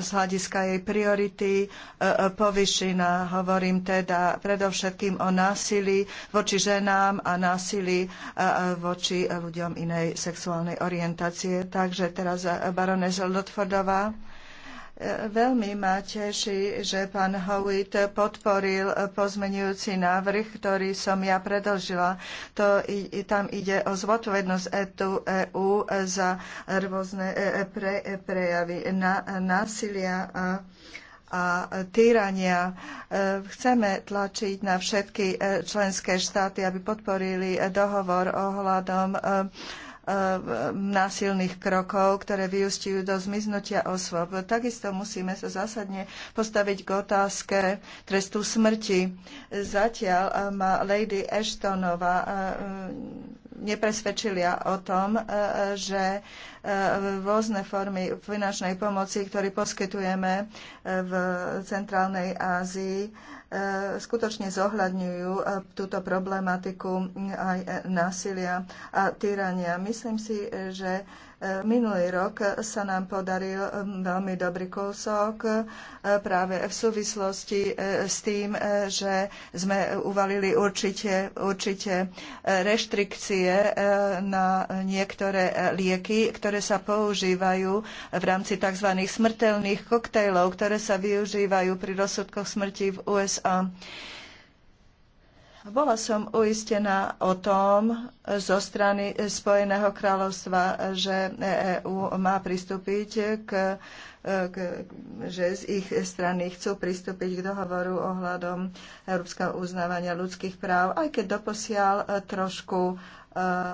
Speaker 1: z hľadiska jej priority e, povyšená. Hovorím teda predovšetkým o násilí voči ženám a násilí e, voči ľuďom inej sexuálnej orientácie. Takže teraz baronesa Lotfordová. Veľmi ma teší, že pán Howitt podporil pozmenujúci návrh, ktorý som ja predlžila. To, tam ide o zodpovednosť EU e za rôzne e, e, pre, prejavy na, násilia a a týrania. Chceme tlačiť na všetky členské štáty, aby podporili dohovor ohľadom Eh, násilných krokov, ktoré vyústiujú do zmiznutia osôb. Takisto musíme sa zásadne postaviť k otázke trestu smrti. Zatiaľ eh, má Lady Ashtonová eh, nepresvedčilia o tom, že rôzne formy finančnej pomoci, ktoré poskytujeme v Centrálnej Ázii, E, skutočne zohľadňujú e, túto problematiku e, aj násilia a tyrania. Myslím si, že Minulý rok sa nám podaril um, veľmi dobrý kúsok uh, práve v súvislosti uh, s tým, uh, že sme uvalili určite, určite reštrikcie na niektoré lieky, ktoré sa používajú v rámci tzv. smrteľných koktejlov, ktoré sa využívajú pri rozsudkoch smrti v USA. Bola som uistená o tom zo strany Spojeného kráľovstva, že EÚ e má pristúpiť k, k, že z ich strany chcú pristúpiť k dohovoru ohľadom európskeho uznávania ľudských práv, aj keď doposiaľ trošku e,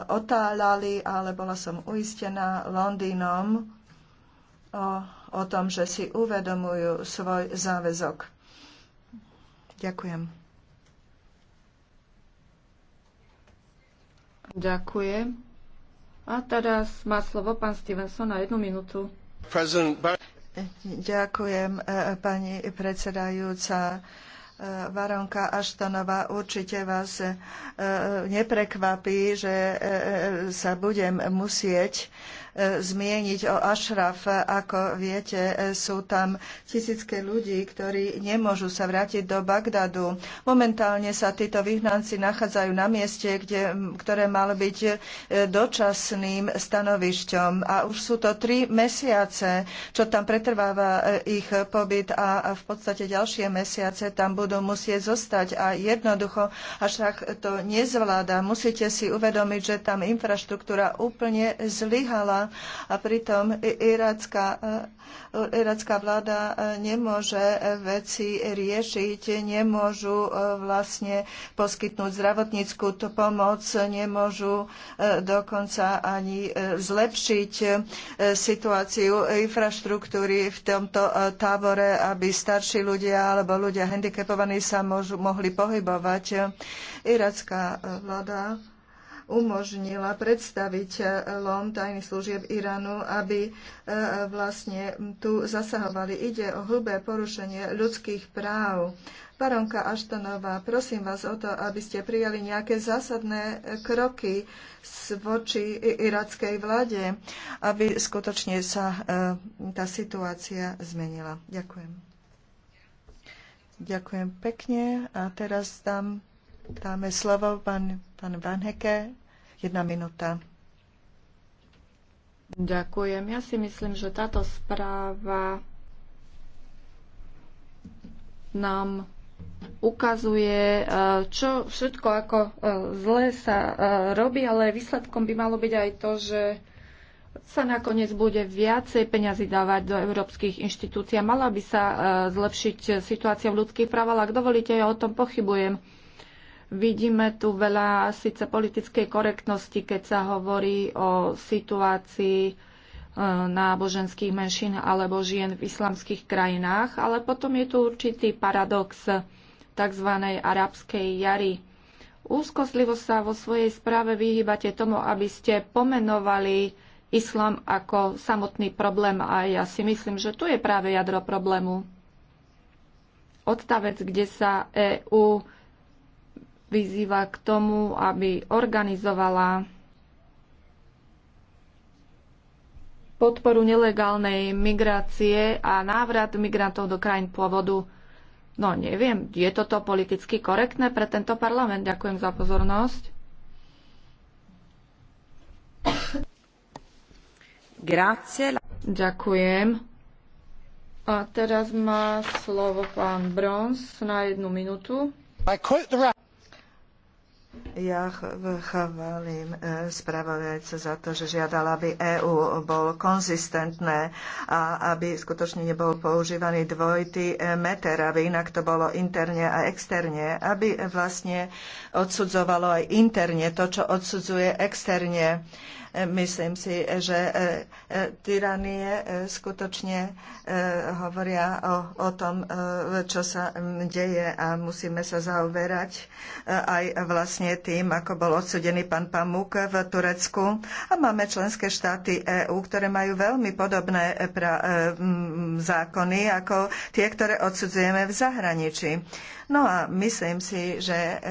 Speaker 1: otáľali, ale bola som uistená Londýnom o, o tom, že si uvedomujú svoj záväzok.
Speaker 3: Ďakujem. Ďakujem. A teraz má slovo pán Stevenson na jednu
Speaker 1: minútu. Ďakujem, e, pani predsedajúca. E, Varonka Aštanová, určite vás e, neprekvapí, že sa budem musieť zmieniť o Ašraf. Ako viete, sú tam tisícky ľudí, ktorí nemôžu sa vrátiť do Bagdadu. Momentálne sa títo vyhnanci nachádzajú na mieste, kde, ktoré malo byť e, dočasným stanovišťom. A už sú to tri mesiace, čo tam pretrváva e, ich pobyt a v podstate ďalšie mesiace tam budú musieť zostať. A jednoducho Ašraf to nezvláda. Musíte si uvedomiť, že tam infraštruktúra úplne zlyhala a pritom e, iracká, vláda e, nemôže veci riešiť, nemôžu e, vlastne poskytnúť zdravotníckú pomoc, nemôžu dokonca ani zlepšiť situáciu infraštruktúry v tomto tábore, aby starší ľudia alebo ľudia handicapovaní sa môžu, mohli pohybovať. Iracká vláda umožnila predstaviteľom tajných služieb Iránu, aby e, vlastne tu zasahovali. Ide o hlbé porušenie ľudských práv. Baronka Aštonová, prosím vás o to, aby ste prijali nejaké zásadné kroky voči irackej vláde, aby skutočne sa e, tá situácia zmenila. Ďakujem. Ďakujem pekne a teraz dám, dáme slovo pán, pán Van Heke Jedna minúta. Ďakujem. Ja si myslím, že
Speaker 3: táto správa nám ukazuje, e, čo všetko ako e, zlé sa e, robí, ale výsledkom by malo byť aj to, že sa nakoniec bude viacej peňazí dávať do európskych inštitúcií a mala by sa zlepšiť situácia v ľudských práv, ale ak dovolíte, ja o tom pochybujem. Vidíme tu veľa síce politickej korektnosti, keď sa hovorí o situácii e, náboženských menšín alebo žien v islamských krajinách, ale potom je tu určitý paradox tzv. arabskej jary. Úzkostlivo sa vo svojej správe vyhýbate tomu, aby ste pomenovali islam ako samotný problém a ja si myslím, že tu je práve jadro problému. Odstavec, kde sa EÚ vyzýva k tomu, aby organizovala podporu nelegálnej migrácie a návrat migrantov do krajín pôvodu. No neviem, je toto politicky korektné pre tento parlament? Ďakujem za pozornosť.
Speaker 4: Grazie.
Speaker 3: Ďakujem. A teraz má slovo pán Brons na jednu minútu. Ja
Speaker 1: chválim e, spravodajca za to, že žiadala, aby EÚ bol konzistentné a aby skutočne nebol používaný dvojitý e, meter, aby inak to bolo interne a externe, aby vlastne odsudzovalo aj interne to, čo odsudzuje externe. Uh, Myslím si, že e, e, tyranie e, skutočne hovoria o, o tom, čo sa deje a musíme sa zaoberať aj vlastne tým, ako bol odsudený pán Pamuk v Turecku. A máme členské štáty EÚ, ktoré majú veľmi podobné pra, zákony ako tie, ktoré odsudzujeme v zahraničí. No a myslím si, že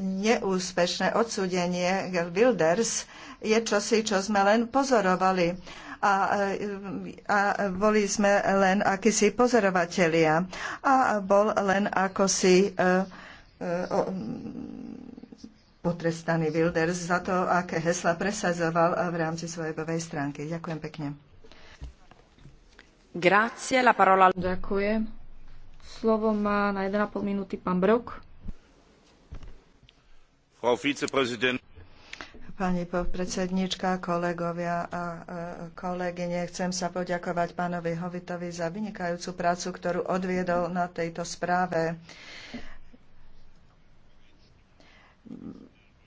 Speaker 1: neúspešné odsúdenie Wilders je čosi, čo sme len pozorovali e, a, a boli sme len akýsi pozorovatelia a bol len akosi uh, potrestaný Wilders za to, aké hesla presazoval v rámci svojej bovej stránky. Ďakujem pekne.
Speaker 3: Grazie, la parola... Ďakujem. Slovo má na 1,5 minúty pán Brok.
Speaker 2: Frau Vizepräsident.
Speaker 1: Pani podpredsednička, kolegovia a kolegyne, chcem sa poďakovať pánovi Hovitovi za vynikajúcu prácu, ktorú odviedol na tejto správe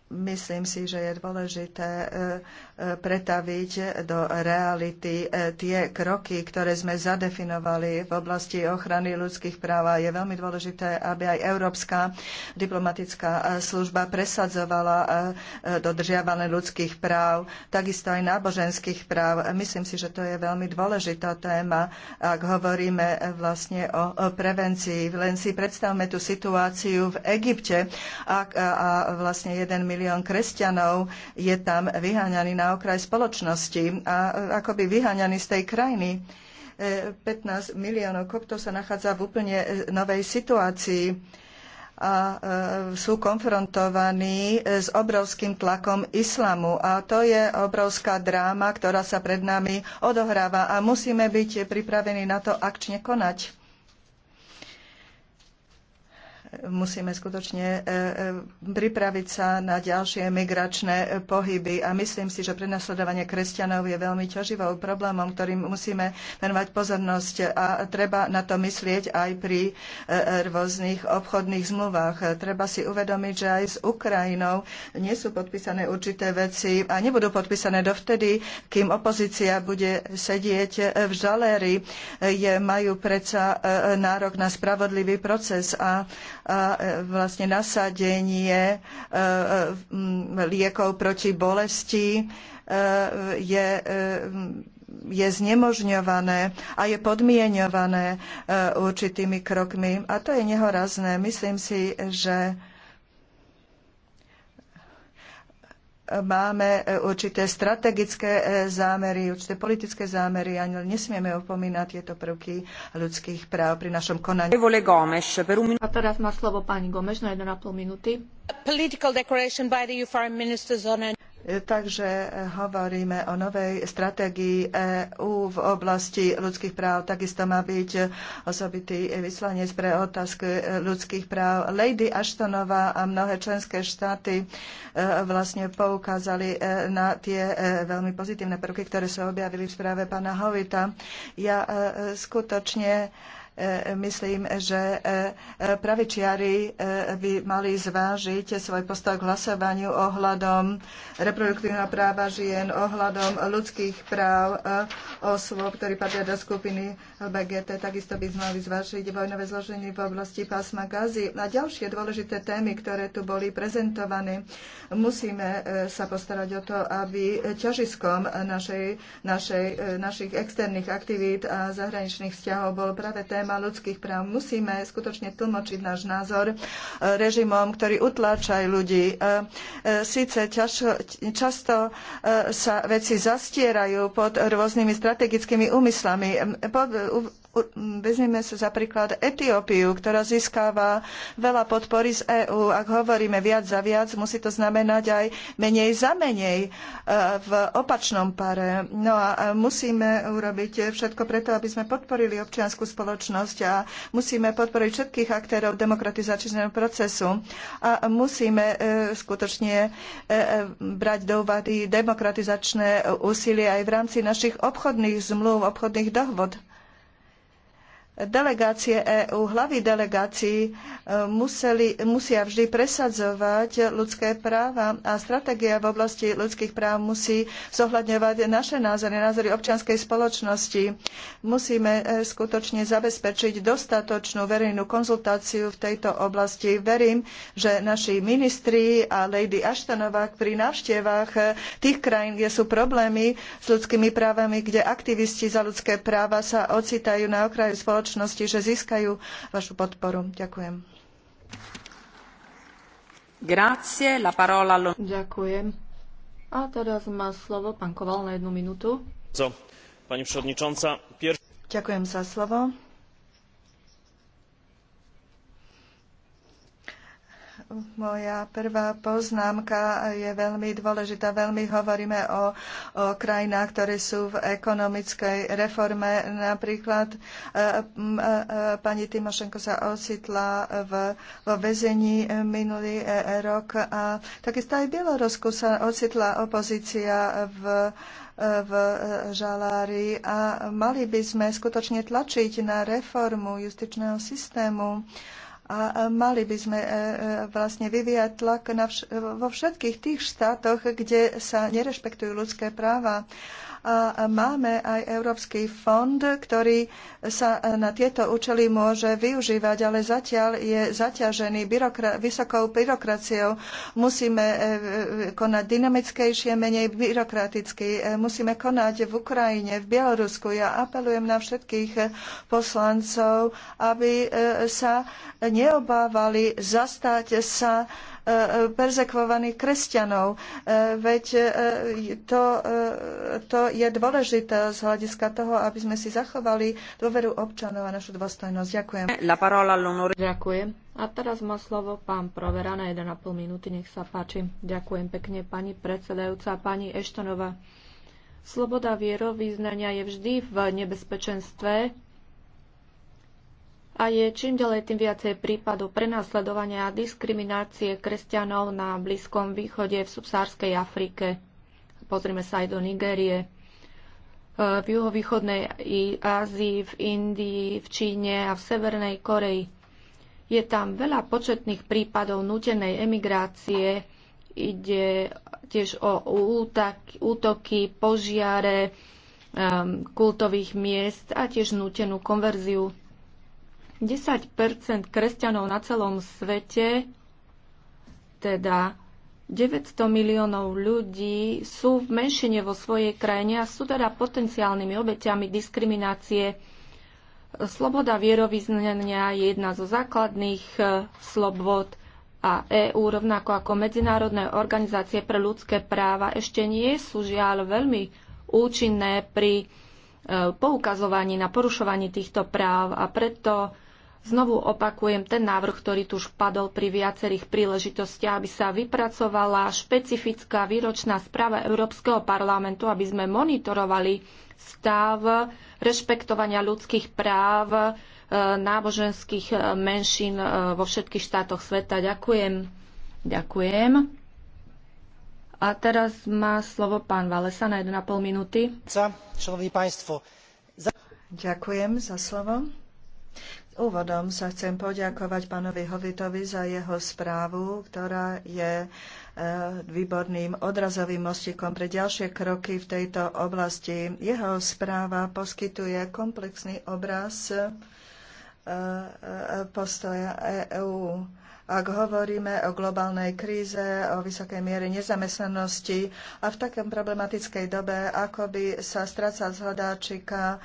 Speaker 1: Myslím si, že je dôležité e, e, pretaviť do reality e, tie kroky, ktoré sme zadefinovali v oblasti ochrany ľudských práv. A je veľmi dôležité, aby aj Európska diplomatická služba presadzovala dodržiavanie ľudských práv, takisto aj náboženských práv. Myslím si, že to je veľmi dôležitá téma, ak hovoríme vlastne o prevencii. Len si predstavme tú situáciu v Egypte a, a vlastne jeden milión milión kresťanov je tam vyháňaný na okraj spoločnosti a akoby vyháňaný z tej krajiny. 15 e, miliónov koptov sa nachádza v úplne e, novej situácii a e, sú konfrontovaní s obrovským tlakom islamu. A to je obrovská dráma, ktorá sa pred nami odohráva a musíme byť pripravení na to akčne konať musíme skutočne e, e, pripraviť sa na ďalšie migračné pohyby. A myslím si, že prenasledovanie kresťanov je veľmi ťaživou problémom, ktorým musíme venovať pozornosť a treba na to myslieť aj pri e, rôznych obchodných zmluvách. Treba si uvedomiť, že aj s Ukrajinou nie sú podpísané určité veci a nebudú podpísané dovtedy, kým opozícia bude sedieť v žaléri. majú predsa nárok na spravodlivý proces a a e, vlastne nasadenie e, e, liekov proti bolesti je je znemožňované a je podmienované určitými krokmi. A to je nehorazné. Myslím si, že máme e, určité strategické e, zámery, určité politické zámery a nesmieme opomínať tieto prvky ľudských práv pri našom konaní.
Speaker 4: A
Speaker 1: teraz má slovo pani Gomeš na 1,5 minúty. Takže hovoríme o novej stratégii EÚ v oblasti ľudských práv. Takisto má byť osobitý vyslanec pre otázky ľudských práv. Lady Ashtonová a mnohé členské štáty e, vlastne poukázali e, na tie e, veľmi pozitívne prvky, ktoré sa objavili v správe pána Hovita. Ja skutočne E, myslím, že e, pravičiari e, by mali zvážiť svoj postoj k hlasovaniu ohľadom reproduktívneho práva žien, ohľadom ľudských práv osôb, ktorí patria do skupiny LBGT. Takisto by sme mali zvážiť vojnové zloženie v oblasti pásma Gazy. A ďalšie dôležité témy, ktoré tu boli prezentované, musíme sa postarať o to, aby ťažiskom našej, našej, našich externých aktivít a zahraničných vzťahov bol práve téma téma ľudských práv. Musíme skutočne tlmočiť náš názor e, režimom, ktorý utláčajú ľudí. E, e, Sice často sa veci zastierajú pod rôznymi strategickými úmyslami vezmeme sa za príklad Etiópiu, ktorá získava veľa podpory z EÚ. Ak hovoríme viac za viac, musí to znamenať aj menej za menej e, v opačnom pare. No a musíme urobiť všetko preto, aby sme podporili občiansku spoločnosť a musíme podporiť všetkých aktérov demokratizačného procesu a musíme e, skutočne e, brať do úvahy demokratizačné úsilie aj v rámci našich obchodných zmluv, obchodných dohod delegácie EÚ, hlavy delegácií e, museli, musia vždy presadzovať ľudské práva a stratégia v oblasti ľudských práv musí zohľadňovať naše názory, názory občianskej spoločnosti. Musíme e, skutočne zabezpečiť dostatočnú verejnú konzultáciu v tejto oblasti. Verím, že naši ministri a Lady Ashtonová pri návštevách e, tých krajín, kde sú problémy s ľudskými právami, kde aktivisti za ľudské práva sa ocitajú na okraji spoločnosti, spoločnosti, že získajú vašu podporu.
Speaker 3: Ďakujem. Grazie, la parola... Ďakujem. A teraz má slovo pán Koval na jednu minútu.
Speaker 4: Pani przewodnicząca, pier...
Speaker 3: Ďakujem za slovo.
Speaker 1: moja prvá poznámka je veľmi dôležitá. Veľmi hovoríme o, o krajinách, ktoré sú v ekonomickej reforme. Napríklad e, e, e, pani Timošenko sa ocitla v, vo vezení minulý rok a takisto aj v Bielorusku sa ocitla opozícia v v žalári a mali by sme skutočne tlačiť na reformu justičného systému. Uh, a e, mali by sme e, e, vlastne vyvíjať tlak vo všetkých tých štátoch, kde sa nerešpektujú ľudské práva a máme aj Európsky fond, ktorý sa na tieto účely môže využívať, ale zatiaľ je zaťažený byrokra- vysokou byrokraciou. Musíme e, e, konať dynamickejšie, menej byrokraticky. E, musíme konať v Ukrajine, v Bielorusku. Ja apelujem na všetkých poslancov, aby sa neobávali zastať sa perzekvovaných kresťanov. E, veď e, to, e, to je dôležité z hľadiska toho, aby sme si zachovali dôveru občanov a našu dôstojnosť. Ďakujem.
Speaker 4: La parola
Speaker 3: Ďakujem. A teraz má slovo pán Provera na 1,5 minúty. Nech sa páči. Ďakujem pekne pani predsedajúca, pani Eštonová. Sloboda vierovýznania je vždy v nebezpečenstve, a je čím ďalej tým viacej prípadov prenasledovania a diskriminácie kresťanov na Blízkom východe v subsárskej Afrike. Pozrime sa aj do Nigérie. E, v juhovýchodnej Ázii, v Indii, v Číne a v Severnej Koreji. Je tam veľa početných prípadov nutenej emigrácie. Ide tiež o útoky, požiare e, kultových miest a tiež nutenú konverziu 10 kresťanov na celom svete, teda 900 miliónov ľudí, sú v menšine vo svojej krajine a sú teda potenciálnymi obeťami diskriminácie. Sloboda vierovýznania je jedna zo základných e, slobod a EÚ, rovnako ako medzinárodné organizácie pre ľudské práva, ešte nie sú žiaľ veľmi účinné pri e, poukazovaní na porušovaní týchto práv a preto Znovu opakujem ten návrh, ktorý tu už padol pri viacerých príležitostiach, aby sa vypracovala špecifická výročná správa Európskeho parlamentu, aby sme monitorovali stav rešpektovania ľudských práv e, náboženských e, menšín e, vo všetkých štátoch sveta. Ďakujem. Ďakujem. A teraz má slovo pán Valesa na 1,5 minúty.
Speaker 1: Ďakujem za slovo. Úvodom sa chcem poďakovať pánovi Hovitovi za jeho správu, ktorá je e, výborným odrazovým mostikom pre ďalšie kroky v tejto oblasti. Jeho správa poskytuje komplexný obraz e, e, postoja EÚ. Ak hovoríme o globálnej kríze, o vysokej miere nezamestnanosti a v takom problematickej dobe, ako by sa stracal z hľadáčika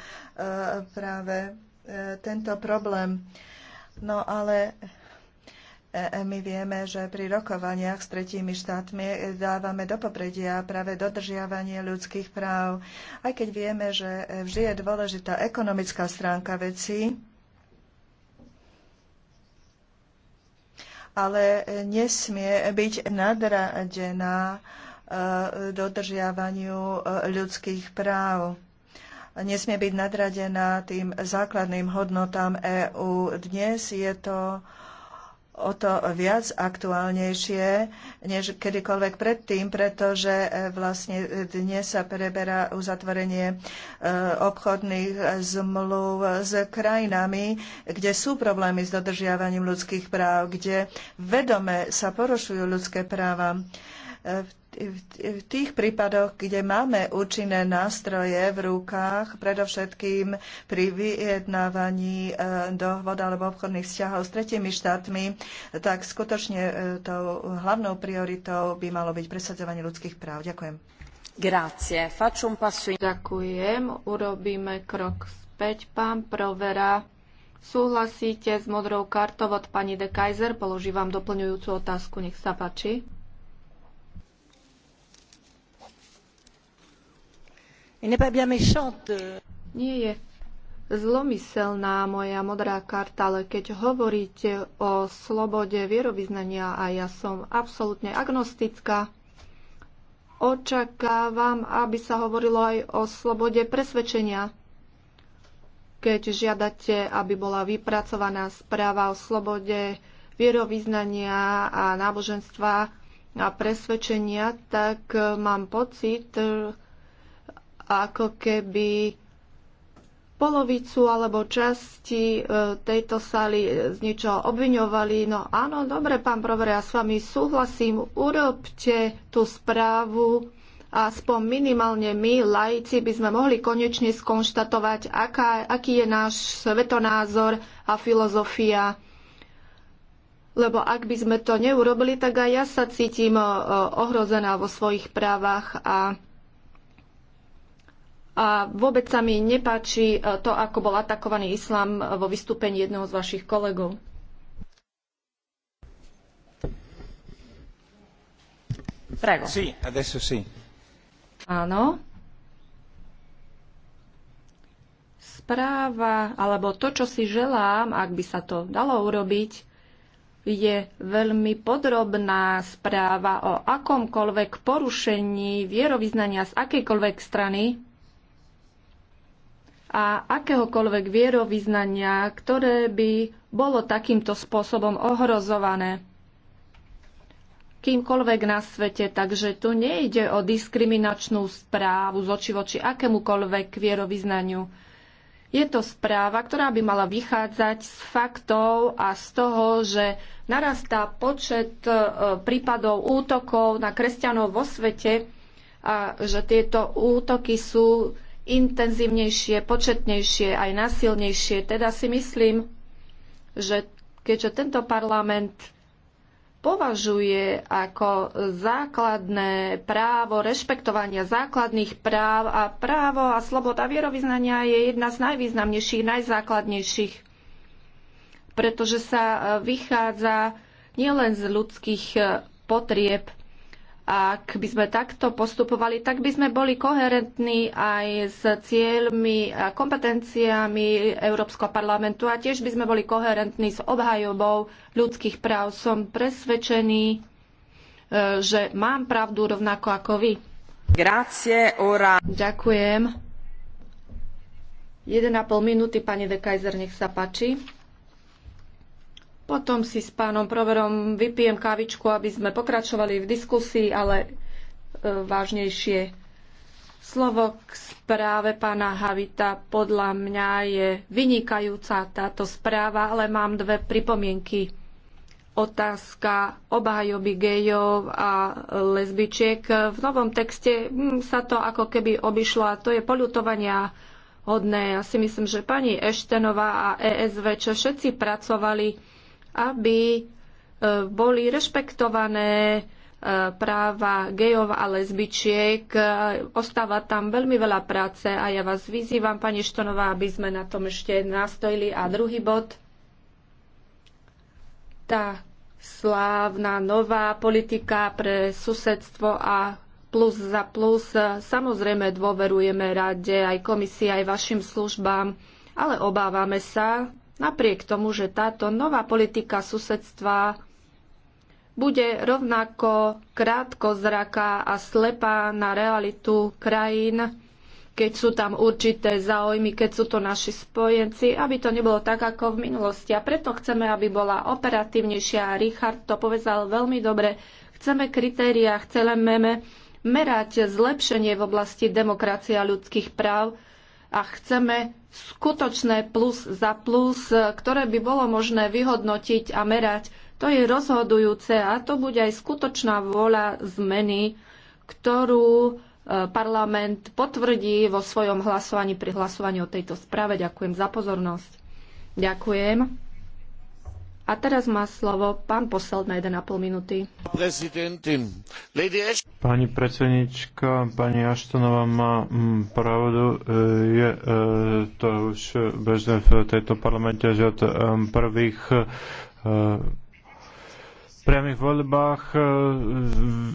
Speaker 1: práve E, tento problém. No ale e, e, my vieme, že pri rokovaniach s tretími štátmi dávame do popredia práve dodržiavanie ľudských práv, aj keď vieme, že vždy je dôležitá ekonomická stránka vecí, ale nesmie byť nadradená dodržiavaniu ľudských práv nesmie byť nadradená tým základným hodnotám EÚ. Dnes je to o to viac aktuálnejšie než kedykoľvek predtým, pretože e, vlastne dnes sa preberá uzatvorenie e, obchodných zmluv s krajinami, kde sú problémy s dodržiavaním ľudských práv, kde vedome sa porušujú ľudské práva. V e, v tých prípadoch, kde máme účinné nástroje v rukách, predovšetkým pri vyjednávaní e, dohod alebo obchodných vzťahov s tretimi štátmi, tak skutočne e, tou hlavnou prioritou by malo byť presadzovanie
Speaker 3: ľudských práv. Ďakujem. Grazie. Faccio un Ďakujem. Urobíme krok späť. Pán Provera, súhlasíte s modrou kartou od pani de Kaiser? Položím vám doplňujúcu otázku. Nech sa páči.
Speaker 4: Euh.
Speaker 3: Nie je zlomyselná moja modrá karta, ale keď hovoríte o slobode vierovýznania a ja som absolútne agnostická, očakávam, aby sa hovorilo aj o slobode presvedčenia. Keď žiadate, aby bola vypracovaná správa o slobode vierovýznania a náboženstva a presvedčenia, tak e, mám pocit, e, ako keby polovicu alebo časti e, tejto sály e, z niečoho obviňovali. No áno, dobre, pán prover, ja s vami súhlasím, urobte tú správu aspoň minimálne my, laici, by sme mohli konečne skonštatovať, aká, aký je náš svetonázor a filozofia. Lebo ak by sme to neurobili, tak aj ja sa cítim e, ohrozená vo svojich právach a a vôbec sa mi nepáči e, to, ako bol atakovaný islám e, vo vystúpení jedného z vašich kolegov.
Speaker 2: Prego. Sí, adesso sí.
Speaker 3: Áno. Správa, alebo to, čo si želám, ak by sa to dalo urobiť, je veľmi podrobná správa o akomkoľvek porušení vierovýznania z akejkoľvek strany a akéhokoľvek vierovýznania, ktoré by bolo takýmto spôsobom ohrozované kýmkoľvek na svete, takže tu nejde o diskriminačnú správu z oči voči akémukoľvek vierovýznaniu. Je to správa, ktorá by mala vychádzať z faktov a z toho, že narastá počet e, prípadov útokov na kresťanov vo svete a že tieto útoky sú intenzívnejšie, početnejšie, aj násilnejšie. Teda si myslím, že keďže tento parlament považuje ako základné právo rešpektovania základných práv a právo a sloboda vierovýznania je jedna z najvýznamnejších, najzákladnejších, pretože sa vychádza nielen z ľudských potrieb, ak by sme takto postupovali, tak by sme boli koherentní aj s cieľmi a kompetenciami Európskeho parlamentu a tiež by sme boli koherentní s obhajobou ľudských práv. Som presvedčený, e, že mám pravdu rovnako ako vy. Grazie, ora. Ďakujem. 1,5 minúty, pani de Kaiser, nech sa páči. Potom si s pánom Proverom vypijem kávičku, aby sme pokračovali v diskusii, ale e, vážnejšie slovo k správe pána Havita. Podľa mňa je vynikajúca táto správa, ale mám dve pripomienky. Otázka obhajoby gejov a lesbičiek. V novom texte hm, sa to ako keby obišlo a to je poľutovania hodné. Ja si myslím, že pani Eštenová a e čo všetci pracovali aby e, boli rešpektované e, práva gejov a lesbičiek. E, ostáva tam veľmi veľa práce a ja vás vyzývam, pani Štonová, aby sme na tom ešte nastojili. A druhý bod, tá slávna nová politika pre susedstvo a plus za plus. Samozrejme dôverujeme rade, aj komisii, aj vašim službám, ale obávame sa, Napriek tomu, že táto nová politika susedstva bude rovnako krátko zraká a slepá na realitu krajín, keď sú tam určité záujmy, keď sú to naši spojenci, aby to nebolo tak ako v minulosti. A preto chceme, aby bola operatívnejšia. Richard to povedal veľmi dobre. Chceme kritériá, chceme merať zlepšenie v oblasti demokracie a ľudských práv, a chceme skutočné plus za plus, e, ktoré by bolo možné vyhodnotiť a merať. To je rozhodujúce a to bude aj skutočná vôľa zmeny, ktorú e, parlament potvrdí vo svojom hlasovaní pri hlasovaní o tejto správe. Ďakujem za pozornosť. Ďakujem. A teraz má slovo pán posel na 1,5 minúty.
Speaker 2: Pani predsednička, pani Aštonová má mm, pravdu. E, je e, to už bežné v tejto parlamente, že od e, prvých priamých voľbách e,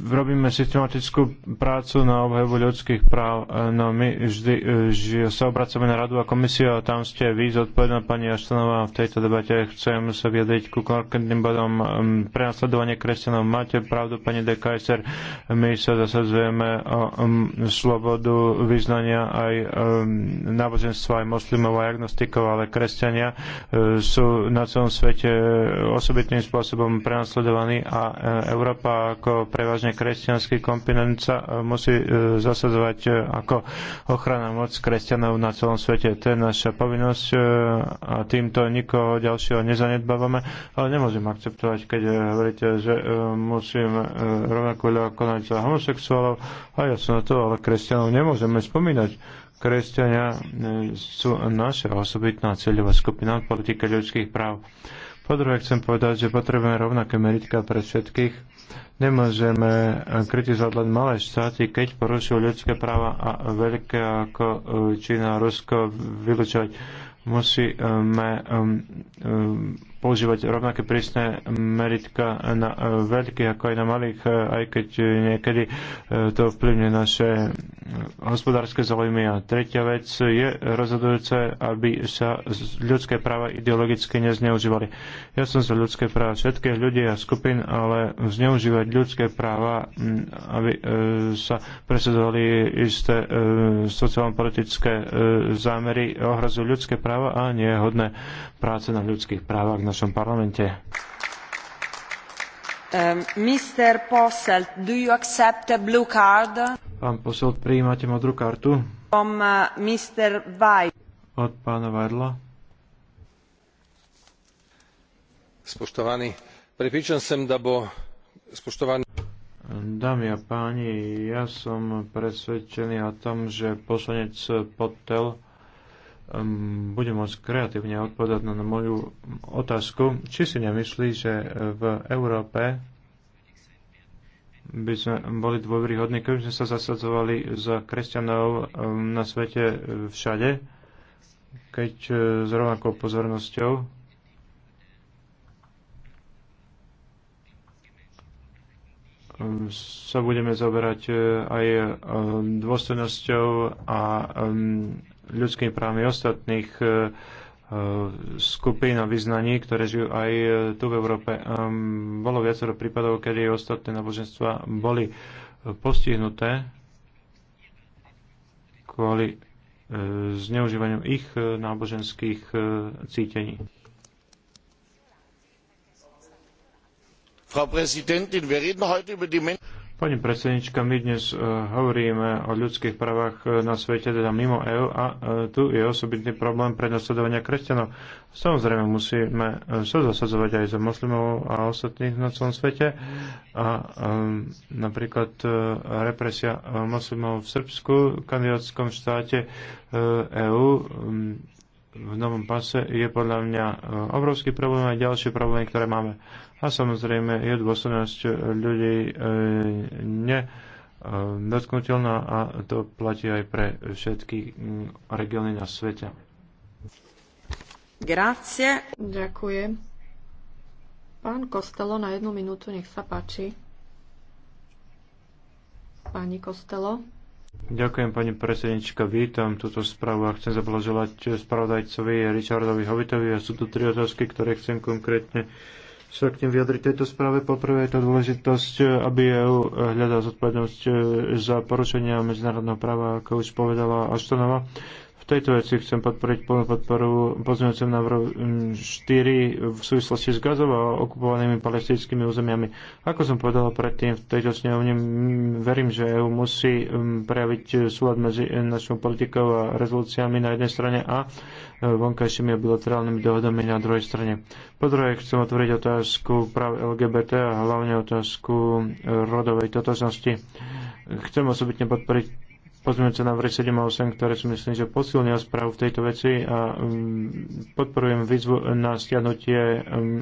Speaker 2: robíme systematickú prácu na obhajobu ľudských práv. E, no my vždy že sa obracame na radu a komisiu a tam ste vy zodpovedná pani Aštanová. V tejto debate chcem sa vyjadriť ku konkrétnym bodom e, prenasledovanie kresťanov. Máte pravdu, pani de Kaiser, my sa zasadzujeme o slobodu vyznania aj náboženstva, aj moslimov, aj agnostikov, ale kresťania sú na celom svete osobitným spôsobom prenasledovaní kritizovaný a e, Európa ako prevažne kresťanský kontinent sa e, musí e, zasadzovať ako ochrana moc kresťanov na celom svete. To je naša povinnosť a týmto nikoho ďalšieho nezanedbávame, ale nemôžem akceptovať, keď hovoríte, že musím rovnako ľahko konať za homosexuálov a ja som na to, ale kresťanov nemôžeme spomínať kresťania sú naša osobitná cieľová skupina v politike ľudských práv. Po druhé chcem povedať, že potrebujeme rovnaké meritka pre všetkých. Nemôžeme kritizovať len malé štáty, keď porušujú ľudské práva a veľké ako e, Čína a Rusko vylúčovať. Musíme um, um, používať rovnaké prísne meritka na e, veľkých ako aj na malých, e, aj keď e, niekedy to vplyvne naše hospodárske záujmy. A tretia vec je rozhodujúce, aby sa ľudské práva ideologicky nezneužívali. Ja som za ľudské práva všetkých ľudí a skupín, ale zneužívať ľudské práva, aby sa presadzovali isté sociálno-politické zámery, ohrazujú ľudské práva a nie je hodné práce na ľudských právach našom parlamente.
Speaker 4: Um, Mr. Posselt, do you accept a blue card?
Speaker 2: Pán Posselt, prijímate modrú kartu?
Speaker 4: From uh, Mr. Weid.
Speaker 2: Od pána Weidla. sem, Dámy a páni, ja som presvedčený o tom, že poslanec Podtel Ehm, bude môcť kreatívne odpovedať na moju otázku, či si nemyslí, že v Európe by sme boli dôveryhodní, keby sme sa zasadzovali za kresťanov ehm, na svete e, všade, keď e, s rovnakou pozornosťou ehm, sa budeme zaoberať e, aj dôstojnosťou a ľudskými právami ostatných e, e, skupín a vyznaní, ktoré žijú aj e, tu v Európe. Ehm, bolo viacero prípadov, kedy ostatné náboženstva boli postihnuté kvôli zneužívaniu ich náboženských cítení.
Speaker 1: Frau Präsidentin, wir reden heute über die Menschen.
Speaker 2: Pani predsednička, my dnes e, hovoríme o ľudských právach e, na svete, teda mimo EÚ a e, tu je osobitný problém prenasledovania kresťanov. Samozrejme musíme sa zasadzovať aj za moslimov a ostatných na celom svete a um, napríklad uh, represia moslimov v Srbsku, kandidátskom štáte uh, EÚ um, v novom pase je podľa mňa obrovský problém a ďalšie problémy, ktoré máme. Uh, a samozrejme je dôslednosť ľudí e, ne e, a to platí aj pre všetky mm, regióny na svete.
Speaker 3: Grazie. Ďakujem. Pán Kostelo, na jednu minútu, nech sa páči. Pani Kostelo.
Speaker 2: Ďakujem, pani predsednička. Vítam túto správu a chcem zablaželať spravodajcovi Richardovi Hovitovi. A sú tu tri otázky, ktoré chcem konkrétne uh, sa k tým vyjadriť tejto správe. Poprvé je to dôležitosť, aby EU hľadala zodpovednosť e, za porušenia medzinárodného práva, ako už povedala Aštonova tejto veci chcem podporiť plnú podporu pozmeňujúcem návrhu 4 mm, v súvislosti s Gazov a okupovanými palestinskými územiami. Ako som povedal predtým, v tejto snehovne mm, verím, že EU musí mm, prejaviť súlad medzi našou politikou a rezolúciami na jednej strane a e, vonkajšími a bilaterálnymi dohodami na druhej strane. Po druhé, chcem otvoriť otázku práv LGBT a hlavne otázku e, rodovej totožnosti. Chcem osobitne podporiť pozmeňujúce návrhy 7 a 8, ktoré si myslím, že posilnia správu v tejto veci a um, podporujem výzvu na stiahnutie um,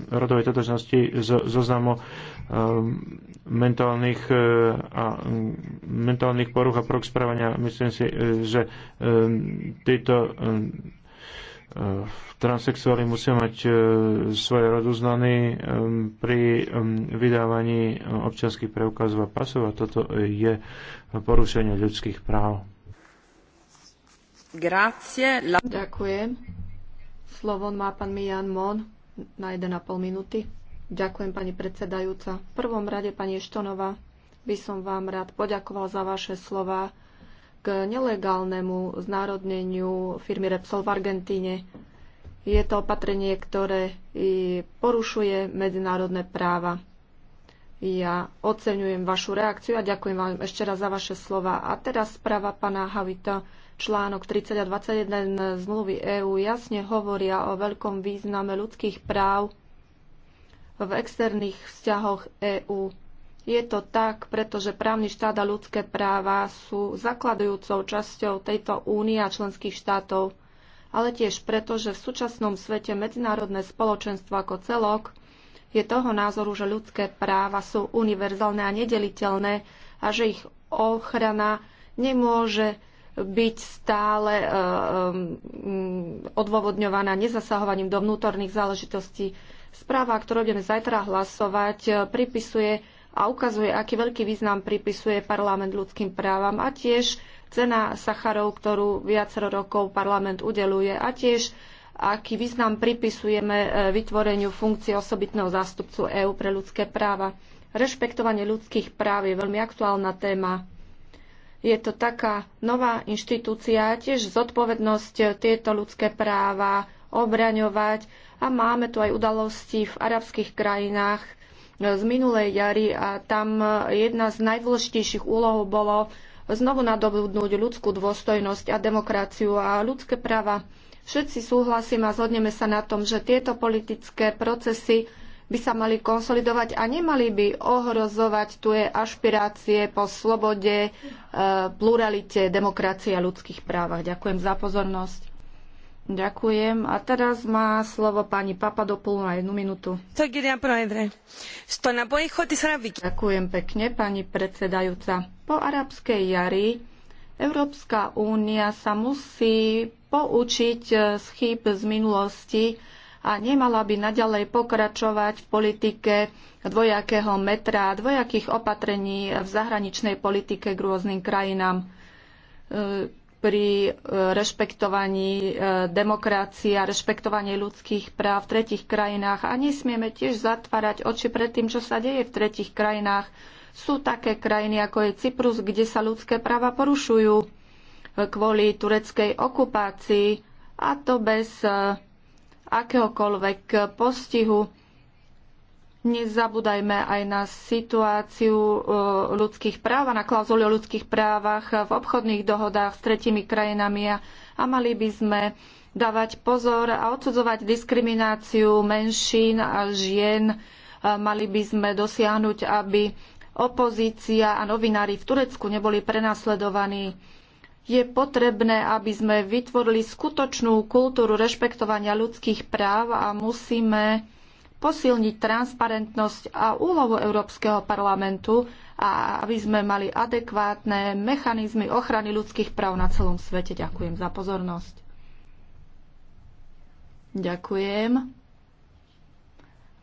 Speaker 2: rodovej totožnosti z zoznamu um, mentálnych, e, a, mentálnych poruch a prok správania. Myslím si, e, že e, tieto Eh, Transsexuáli musia mať eh, svoje roduznaný eh, pri vydávaní občianských preukazov a pasov a toto je porušenie ľudských práv.
Speaker 4: Grazie. La...
Speaker 3: Ďakujem. Slovo má pán Mian Mon na 1,5 minúty. Ďakujem, pani predsedajúca. V prvom rade, pani Eštonová, by som vám rád poďakoval za vaše slova k nelegálnemu znárodneniu firmy Repsol v Argentíne. Je to opatrenie, ktoré porušuje medzinárodné práva. Ja oceňujem vašu reakciu a ďakujem vám ešte raz za vaše slova. A teraz správa pana Havita, článok 30 a 21 zmluvy EÚ jasne hovoria o veľkom význame ľudských práv v externých vzťahoch EÚ. Je to tak, pretože právny štát a ľudské práva sú zakladujúcou časťou tejto únie a členských štátov, ale tiež preto, že v súčasnom svete medzinárodné spoločenstvo ako celok je toho názoru, že ľudské práva sú univerzálne a nedeliteľné a že ich ochrana nemôže byť stále e, e, odôvodňovaná nezasahovaním do vnútorných záležitostí. Správa, ktorú budeme zajtra hlasovať, e, pripisuje a ukazuje, aký veľký význam pripisuje parlament ľudským právam a tiež cena Sacharov, ktorú viacero rokov parlament udeluje a tiež aký význam pripisujeme e, vytvoreniu funkcie osobitného zástupcu EÚ pre ľudské práva. Rešpektovanie ľudských práv je veľmi aktuálna téma. Je to taká nová inštitúcia, tiež zodpovednosť e, tieto ľudské práva obraňovať a máme tu aj udalosti v arabských krajinách, z minulej jary a tam jedna z najdôležitejších úloh bolo znovu nadobudnúť ľudskú dôstojnosť a demokraciu a ľudské práva. Všetci súhlasím a zhodneme sa na tom, že tieto politické procesy by sa mali konsolidovať a nemali by ohrozovať tu je ašpirácie po slobode, eh, pluralite, demokracii a ľudských právach. Ďakujem za pozornosť. Ďakujem. A teraz má slovo pani Papadopoulou na jednu minútu. Ďakujem pekne, pani predsedajúca. Po arabskej jari Európska únia sa musí poučiť z chýb z minulosti a nemala by naďalej pokračovať v politike dvojakého metra, dvojakých opatrení v zahraničnej politike k rôznym krajinám e, pri e, rešpektovaní e, demokracie a rešpektovaní ľudských práv v tretich krajinách. A nesmieme tiež zatvárať oči pred tým, čo sa deje v tretich krajinách. Sú také krajiny, ako je Cyprus, kde sa ľudské práva porušujú e, kvôli tureckej okupácii a to bez akéhokoľvek postihu. Nezabúdajme aj na situáciu e, ľudských práv a na klauzuly o ľudských právach v obchodných dohodách s tretimi krajinami a mali by sme dávať pozor a odsudzovať diskrimináciu menšín a žien. E, mali by sme dosiahnuť, aby opozícia a novinári v Turecku neboli prenasledovaní. Je potrebné, aby sme vytvorili skutočnú kultúru rešpektovania ľudských práv a musíme posilniť transparentnosť a úlohu Európskeho parlamentu a aby sme mali adekvátne mechanizmy ochrany ľudských práv na celom svete. Ďakujem za pozornosť. Ďakujem.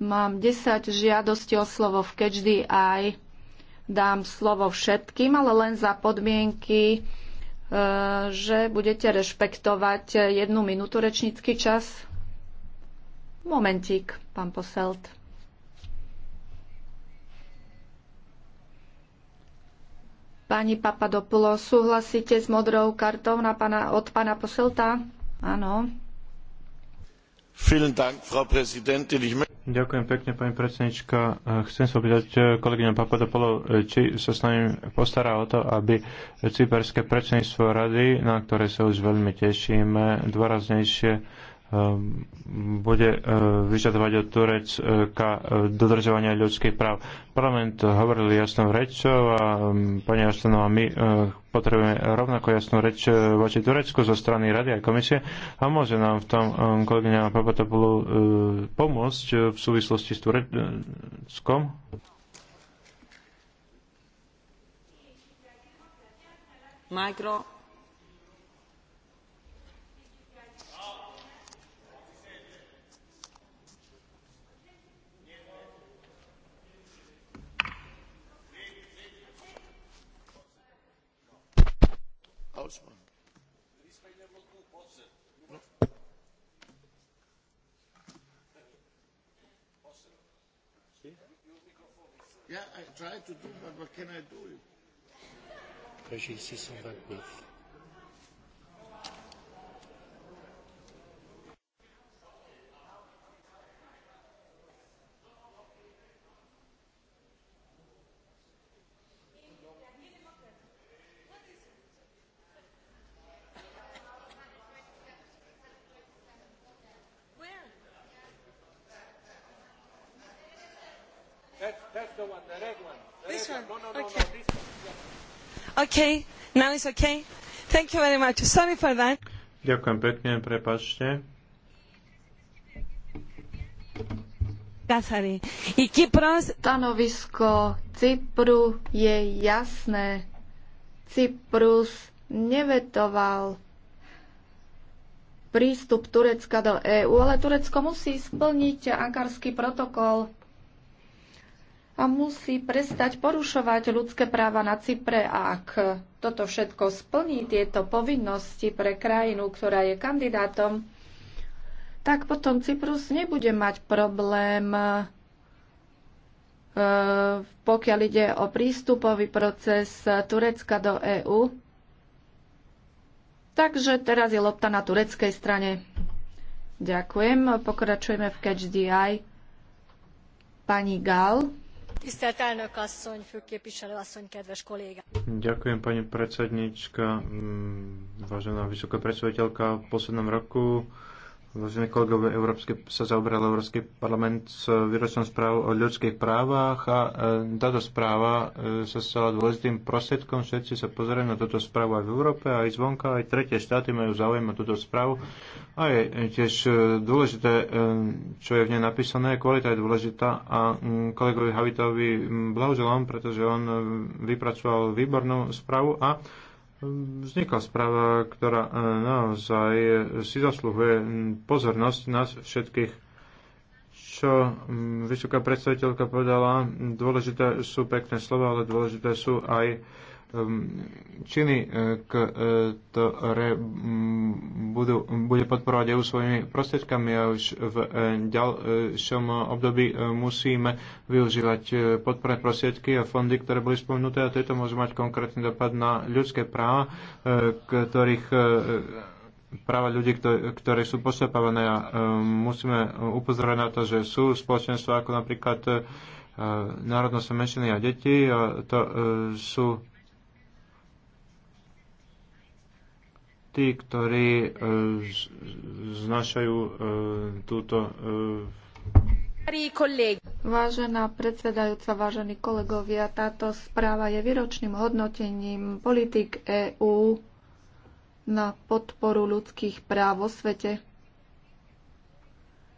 Speaker 3: Mám 10 žiadostí o slovo v Catch aj Dám slovo všetkým, ale len za podmienky, e, že budete rešpektovať jednu minútu rečnícky čas. Momentík, pán Poselt. Pani Papadopulo, súhlasíte s modrou kartou na pana, od pána Poselta? Áno.
Speaker 2: Ďakujem pekne, pani predsednička. Chcem sa opýtať eh, kolegyňa Papadopolo, eh, či sa s nami postará o to, aby cyperské predsedníctvo rady, na ktoré sa už veľmi tešíme, dôraznejšie Ehm, bude eh, vyžadovať od Turecka eh, dodržovania ľudských práv. Parlament hovoril jasnou rečou a ehm, pani Aštanová, my eh, potrebujeme rovnako jasnú reč voči Turecku zo strany Rady a komisie a môže nám v tom ehm, kolegyňa Papatopulu pomôcť v súvislosti s Tureckom?
Speaker 4: Micro.
Speaker 2: try to do, but what can I do? Régis 629. okay? Now it's okay?
Speaker 4: Thank you very much. Sorry for that.
Speaker 2: Ďakujem pekne, prepačte.
Speaker 3: Stanovisko Cypru je jasné. Cyprus nevetoval prístup Turecka do EÚ, ale Turecko musí splniť ankarský protokol a musí prestať porušovať ľudské práva na Cypre. A ak toto všetko splní tieto povinnosti pre krajinu, ktorá je kandidátom, tak potom Cyprus nebude mať problém, e, pokiaľ ide o prístupový proces Turecka do EÚ. Takže teraz je lopta na tureckej strane. Ďakujem. Pokračujeme v Catch the Eye. Pani Gal. Tisztelt elnök asszony, főképviselő asszony, kedves kollégák!
Speaker 2: Ďakujem, pani predsednička, mm, vážená vysoká predstaviteľka. V poslednom roku Vážení kolegové Európske sa zaoberal Európsky parlament s výročnou správou o ľudských právach a e, táto správa e, sa stala dôležitým prostriedkom. Všetci sa pozerajú na túto správu aj v Európe, aj zvonka, aj tretie štáty majú záujem na túto správu. A je e, tiež e, dôležité, e, čo je v nej napísané, kvalita je dôležitá a m, kolegovi Havitovi blahoželám, pretože on e, vypracoval výbornú správu a vznikla správa, ktorá e, naozaj e, si zasluhuje pozornosť nás všetkých. Čo vysoká predstaviteľka povedala, dôležité sú pekné slova, ale dôležité sú aj Ehm, činy, eh, ktoré mm, budú, bude podporovať EU svojimi prostriedkami a už v eh, ďalšom období eh, musíme využívať podporné prostriedky a fondy, ktoré boli spomenuté a tieto môžu mať konkrétny dopad na ľudské práva, ktorých práva ľudí, ktoré sú postupované a musíme upozorovať na to, že sú spoločenstva ako napríklad národnosť menšiny a deti a to sú tí, ktorí e, znašajú e, túto e,
Speaker 3: Vážená predsedajúca, vážení kolegovia, táto správa je výročným hodnotením politik EÚ na podporu ľudských práv vo svete.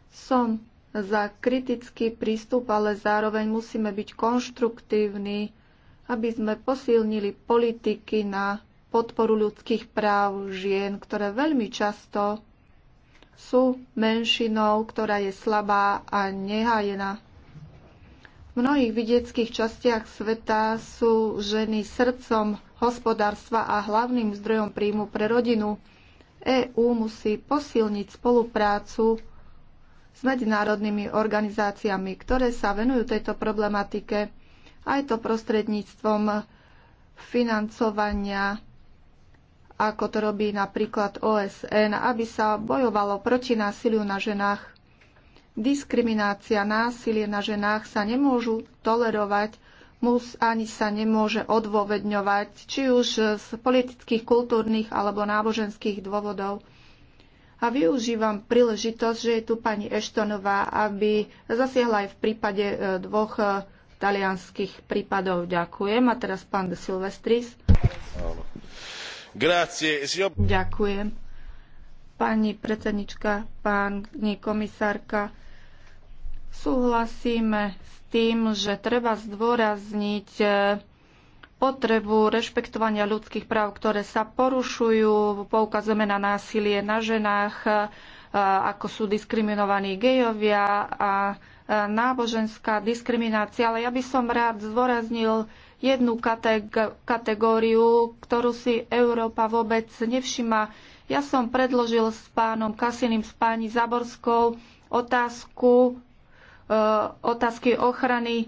Speaker 3: Som za kritický prístup, ale zároveň musíme byť konštruktívni, aby sme posilnili politiky na podporu ľudských práv žien, ktoré veľmi často sú menšinou, ktorá je slabá a nehájená. V mnohých vidieckých častiach sveta sú ženy srdcom hospodárstva a hlavným zdrojom príjmu pre rodinu. EÚ musí posilniť spoluprácu s medzinárodnými organizáciami, ktoré sa venujú tejto problematike, aj to prostredníctvom financovania ako to robí napríklad OSN, aby sa bojovalo proti násiliu na ženách. Diskriminácia, násilie na ženách sa nemôžu tolerovať, mus ani sa nemôže odôvedňovať, či už z politických, kultúrnych alebo náboženských dôvodov. A využívam príležitosť, že je tu pani Eštonová, aby zasiahla aj v prípade e, dvoch e, talianských prípadov. Ďakujem. A teraz pán Silvestris.
Speaker 4: Áno. Ďakujem.
Speaker 3: Pani predsednička, pani komisárka, súhlasíme s tým, že treba zdôrazniť eh, potrebu rešpektovania ľudských práv, ktoré sa porušujú. Poukazujeme na násilie na ženách, eh, ako sú diskriminovaní gejovia a eh, náboženská diskriminácia. Ale ja by som rád zdôraznil jednu kategóriu, ktorú si Európa vôbec nevšimá. Ja som predložil s pánom Kasiným, s pani Zaborskou otázku, e, otázky ochrany e,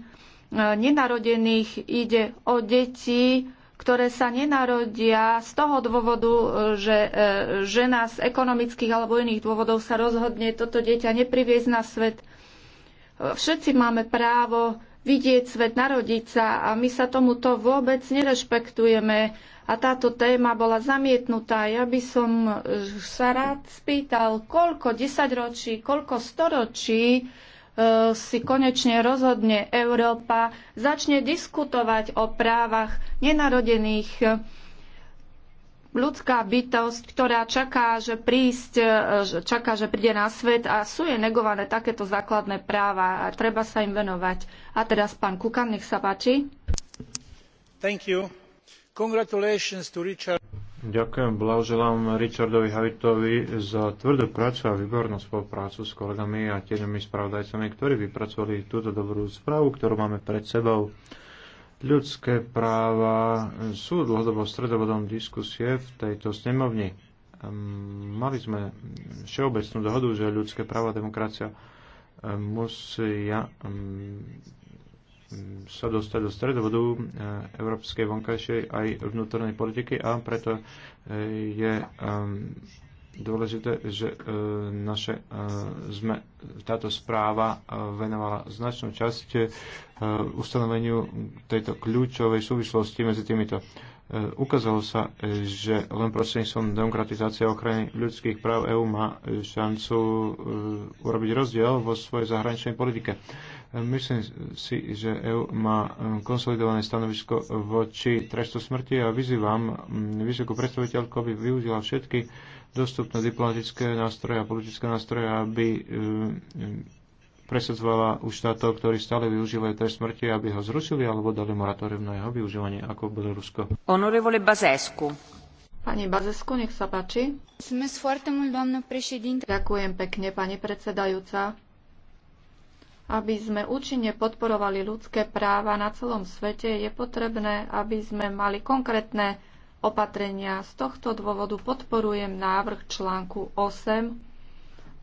Speaker 3: nenarodených. Ide o deti, ktoré sa nenarodia z toho dôvodu, eh, že e, žena z ekonomických alebo iných dôvodov sa rozhodne toto dieťa nepriviesť na svet. Všetci máme právo vidieť svet, narodiť sa a my sa tomuto vôbec nerešpektujeme. A táto téma bola zamietnutá. Ja by som eh, sa rád spýtal, koľko desaťročí, koľko storočí eh, si konečne rozhodne Európa, začne diskutovať o právach nenarodených ľudská bytosť, ktorá čaká, že prísť, e, čaká, že príde na svet a sú je negované takéto základné práva a treba sa im venovať. A teraz pán Kukan, nech sa páči.
Speaker 2: Thank you. Congratulations to Richard. Ďakujem, blahoželám Richardovi Havitovi za tvrdú prácu a výbornú spoluprácu s kolegami a tieňami spravodajcami, ktorí vypracovali túto dobrú správu, ktorú máme pred sebou. Ľudské práva sú dlhodobo stredovodom diskusie v tejto snemovni. Ehm, mali sme všeobecnú dohodu, že ľudské práva a demokracia ehm, musia ehm, sa dostať do stredovodu európskej vonkajšej aj vnútornej politiky a preto eh, je dôležité, že e, naše, e, sme, táto správa e, venovala značnú časť ustanoveniu tejto kľúčovej súvislosti medzi týmito. Ukázalo sa, že len prostredníctvom demokratizácie a ochrany ľudských práv EÚ má šancu urobiť rozdiel vo svojej zahraničnej politike. Myslím si, že EU má konsolidované stanovisko voči trestu smrti a vyzývam vysokú predstaviteľku, aby využila všetky dostupné diplomatické nástroje a politické nástroje, aby eh, presadzovala u štátov, ktorí stále využívajú trest smrti, aby ho zrušili alebo dali moratórium na jeho využívanie, ako bolo Rusko. Honorevole
Speaker 4: Bazesku.
Speaker 3: Pani Bazesku, nech sa páči. Ďakujem pekne, pani predsedajúca. Aby sme účinne podporovali ľudské práva na celom svete, je potrebné, aby sme mali konkrétne opatrenia. Z tohto dôvodu podporujem návrh článku 8,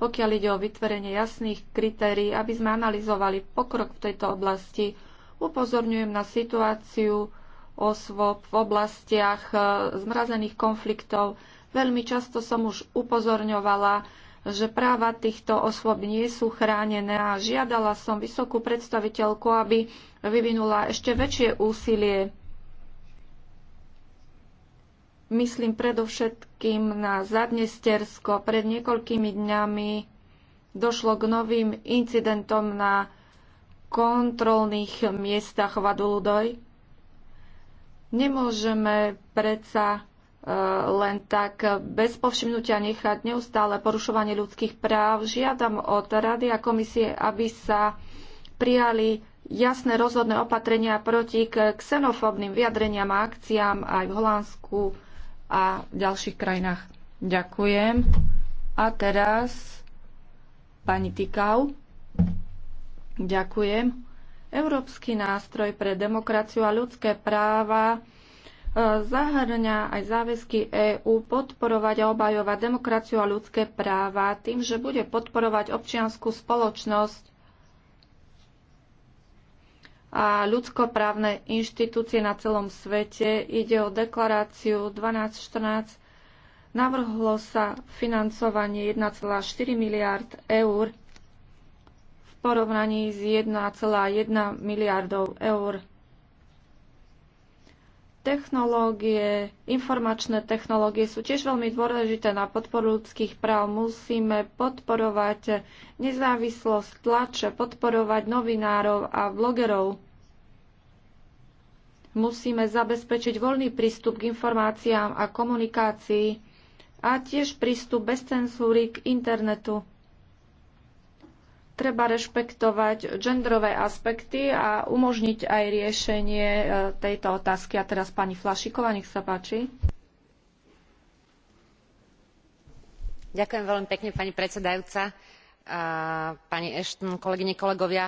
Speaker 3: pokiaľ ide o vytvorenie jasných kritérií, aby sme analyzovali pokrok v tejto oblasti. Upozorňujem na situáciu osôb v oblastiach e, zmrazených konfliktov. Veľmi často som už upozorňovala, že práva týchto osôb nie sú chránené a žiadala som vysokú predstaviteľku, aby vyvinula ešte väčšie úsilie Myslím predovšetkým na Zadnestersko. Pred niekoľkými dňami došlo k novým incidentom na kontrolných miestach Vaduludoj. Nemôžeme predsa e, len tak bez povšimnutia nechať neustále porušovanie ľudských práv. Žiadam od Rady a komisie, aby sa prijali jasné rozhodné opatrenia proti ksenofóbnym vyjadreniam a akciám aj v Holandsku, a v ďalších krajinách. Ďakujem. A teraz pani Tikau. Ďakujem. Európsky nástroj pre demokraciu a ľudské práva e, zahrňa aj záväzky EÚ podporovať a obajovať demokraciu a ľudské práva tým, že bude podporovať občianskú spoločnosť a ľudskoprávne inštitúcie na celom svete. Ide o deklaráciu 1214. Navrhlo sa financovanie 1,4 miliard eur v porovnaní s 1,1 miliardov eur. Technológie, informačné technológie sú tiež veľmi dôležité na podporu ľudských práv. Musíme podporovať nezávislosť tlače, podporovať novinárov a blogerov Musíme zabezpečiť voľný prístup k informáciám a komunikácii a tiež prístup bez cenzúry k internetu. Treba rešpektovať genderové aspekty a umožniť aj riešenie e, tejto otázky. A teraz pani Flašiková, nech sa páči.
Speaker 4: Ďakujem veľmi pekne, pani predsedajúca, pani Ešton, kolegyne, kolegovia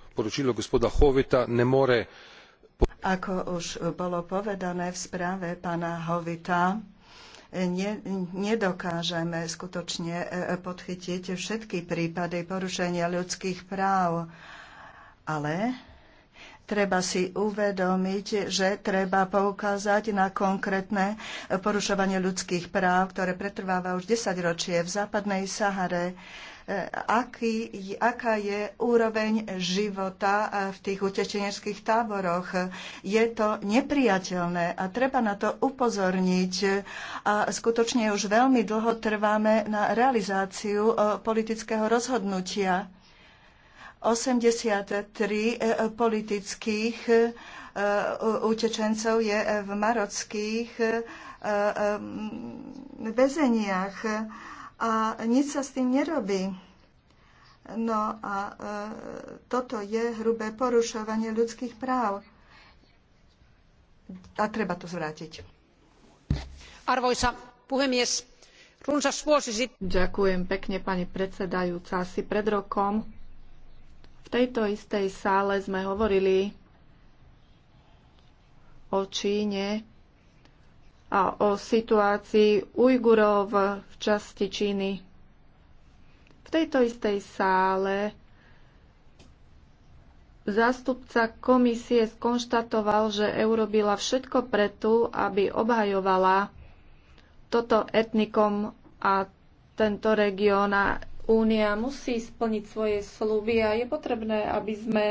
Speaker 2: poročilo gospoda Hovita
Speaker 4: ne more.
Speaker 1: Ako už bolo povedané v správe pána Hovita, ne, nedokážeme skutočne e, podchytiť všetky prípady porušenia ľudských práv, ale treba si uvedomiť, že treba poukázať na konkrétne porušovanie ľudských práv, ktoré pretrváva už desaťročie v západnej Sahare. E, aký, aká je úroveň života e, v tých utečeneckých táboroch. Je to nepriateľné a treba na to upozorniť. E, a skutočne už veľmi dlho trváme na realizáciu politického rozhodnutia. 83 politických utečencov je v marockých väzeniach a nič sa s tým nerobí. No a e, toto je hrubé porušovanie ľudských práv. A treba to zvrátiť.
Speaker 3: Arvoisa puhemies, runsas vuosi sitten... Ďakujem pekne, pani predsedajúca. Asi pred rokom v tejto istej sále sme hovorili o Číne a o situácii Ujgurov v časti Číny. V tejto istej sále zástupca komisie skonštatoval, že Eurobila všetko preto, aby obhajovala toto etnikom a tento región a Únia musí splniť svoje sluby a je potrebné, aby sme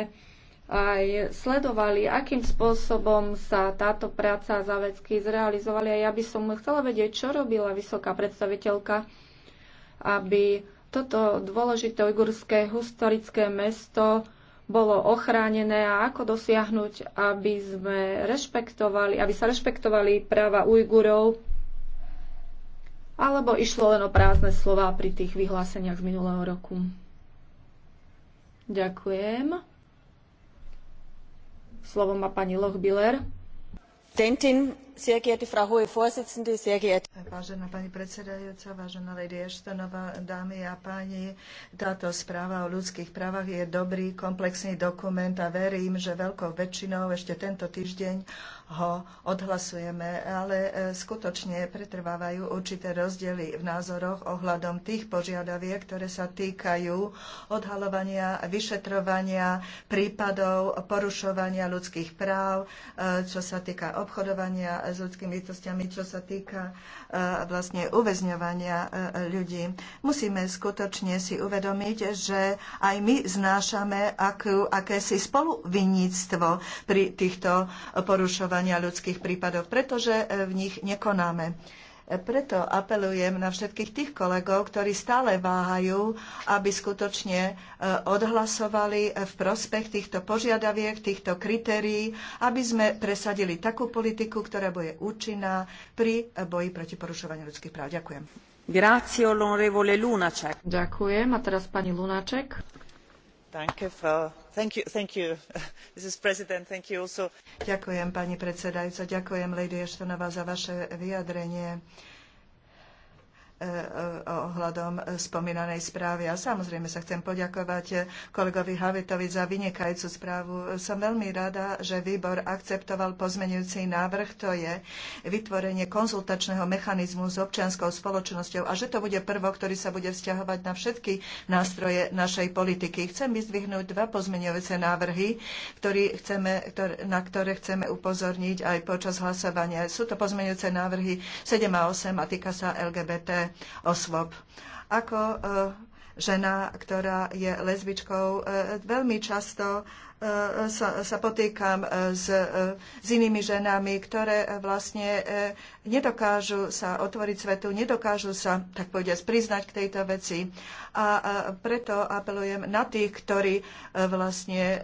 Speaker 3: aj sledovali, akým spôsobom sa táto práca a záväzky zrealizovali. A ja by som chcela vedieť, čo robila vysoká predstaviteľka, aby toto dôležité ujgurské historické mesto bolo ochránené a ako dosiahnuť, aby sme rešpektovali, aby sa rešpektovali práva Ujgurov, alebo išlo len o prázdne slova pri tých vyhláseniach z minulého roku. Ďakujem. Slovo má pani Lochbiller. Tentin
Speaker 1: Vážená pani predsedajúca, vážená Lady Ashtonová, dámy a páni, táto správa o ľudských právach je dobrý, komplexný dokument a verím, že veľkou väčšinou ešte tento týždeň ho odhlasujeme, ale e, skutočne pretrvávajú určité rozdiely v názoroch ohľadom tých požiadaviek, ktoré sa týkajú odhalovania, vyšetrovania prípadov porušovania ľudských práv, e, čo sa týka obchodovania s ľudskými bytostiami, čo sa týka e, vlastne uväzňovania e, ľudí. Musíme skutočne si uvedomiť, že aj my znášame akú, akési spoluvinníctvo pri týchto porušovania ľudských prípadov, pretože e, v nich nekonáme. Preto apelujem na všetkých tých kolegov, ktorí stále váhajú, aby skutočne e, odhlasovali v prospech týchto požiadaviek, týchto kritérií, aby sme presadili takú politiku, ktorá bude účinná pri boji proti porušovaniu ľudských práv. Ďakujem.
Speaker 4: Grazie, Ďakujem.
Speaker 3: A teraz pani Lunaček.
Speaker 1: <laughs> ďakujem pani predsedajúca ďakujem lady ashtonová za vaše vyjadrenie. E, e, ohľadom spomínanej správy. A samozrejme sa chcem poďakovať kolegovi Havitovi za vynikajúcu správu. Som veľmi rada, že výbor akceptoval pozmenujúci návrh, to je vytvorenie konzultačného mechanizmu s občianskou spoločnosťou a že to bude prvok, ktorý sa bude vzťahovať na všetky nástroje našej politiky. Chcem vyzdvihnúť dva pozmenujúce návrhy, ktorý chceme, na ktoré chceme upozorniť aj počas hlasovania. Sú to pozmenujúce návrhy 7 a 8 a týka sa LGBT osôb. Ako e, žena, ktorá je lesbičkou, e, veľmi často sa, sa potýkam e, s, e, s inými ženami, ktoré e, vlastne nedokážu sa otvoriť svetu, nedokážu sa, tak povediať, priznať k tejto veci. A preto apelujem na tých, ktorí vlastne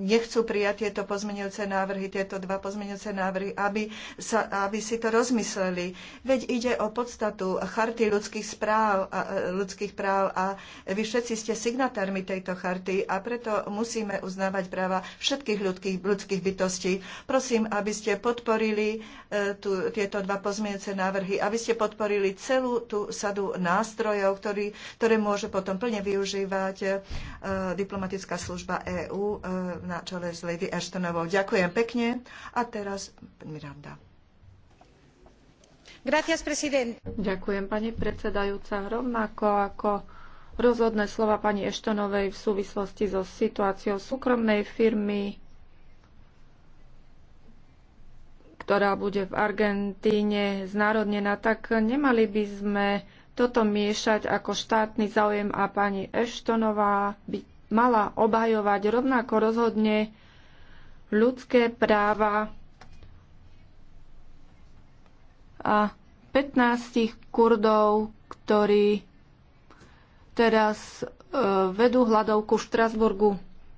Speaker 1: nechcú prijať tieto pozmeňujúce návrhy, tieto dva pozmeňujúce návrhy, aby, sa, aby si to rozmysleli. Veď ide o podstatu charty ľudských, správ, ľudských práv a vy všetci ste signatármi tejto charty a preto musíme uznať, uznávať práva všetkých ľudských, ľudských bytostí. Prosím, aby ste podporili e, tu, tieto dva pozmience návrhy, aby ste podporili celú tú sadu nástrojov, ktorý, ktoré môže potom plne využívať e, diplomatická služba EÚ e, na čele s Lady Ashtonovou. Ďakujem pekne. A teraz Miranda.
Speaker 3: Gracias, Ďakujem, pani predsedajúca. Rovnako ako rozhodné slova pani Eštonovej v súvislosti so situáciou súkromnej firmy, ktorá bude v Argentíne znárodnená, tak nemali by sme toto miešať ako štátny záujem a pani Eštonová by mala obhajovať rovnako rozhodne ľudské práva a 15 Kurdov, ktorí teraz e, vedú hľadovku v Štrasburgu.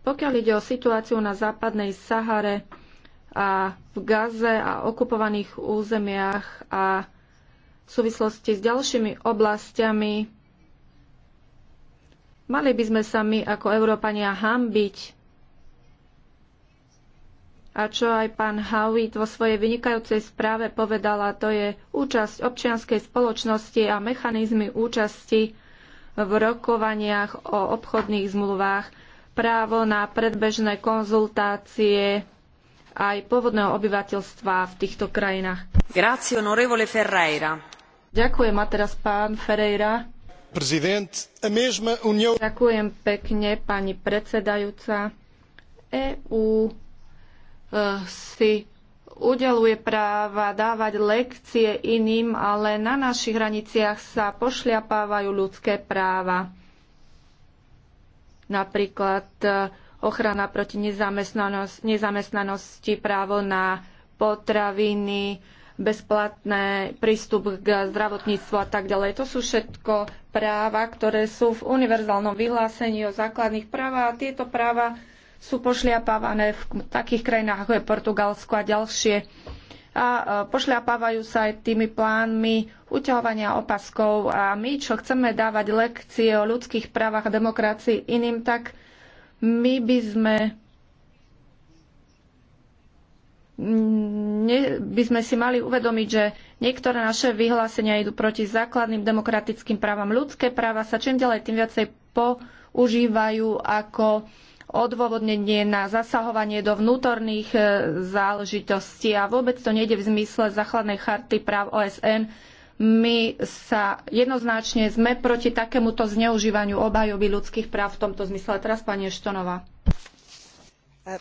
Speaker 3: Pokiaľ ide o situáciu na západnej Sahare a v Gaze a okupovaných územiach a v súvislosti s ďalšími oblastiami, mali by sme sa my ako Európania hambiť. A čo aj pán Howitt vo svojej vynikajúcej správe povedala, to je účasť občianskej spoločnosti a mechanizmy účasti v rokovaniach o obchodných zmluvách právo na predbežné konzultácie aj pôvodného obyvateľstva v týchto krajinách.
Speaker 4: Grazie, onorevole Ferreira.
Speaker 3: Ďakujem a teraz pán Ferreira. Unió... Ďakujem pekne, pani predsedajúca. EÚ e, si udeluje práva dávať lekcie iným, ale na našich hraniciach sa pošliapávajú ľudské práva. Napríklad e, ochrana proti nezamestnanosti, právo na potraviny, bezplatné prístup k zdravotníctvu a tak ďalej. To sú všetko práva, ktoré sú v univerzálnom vyhlásení o základných právach a tieto práva sú pošliapávané v takých krajinách ako je Portugalsko a ďalšie. A e, pošliapávajú sa aj tými plánmi uťahovania opaskov. A my, čo chceme dávať lekcie o ľudských právach a demokracii iným, tak my by sme ne, by sme si mali uvedomiť, že niektoré naše vyhlásenia idú proti základným demokratickým právam. Ľudské práva sa čím ďalej tým viacej používajú ako odôvodnenie na zasahovanie do vnútorných e, záležitostí a vôbec to nejde v zmysle základnej charty práv OSN. My sa jednoznačne sme proti takémuto zneužívaniu obhajoby ľudských práv v tomto zmysle. Teraz pani Eštonová.
Speaker 4: Uh,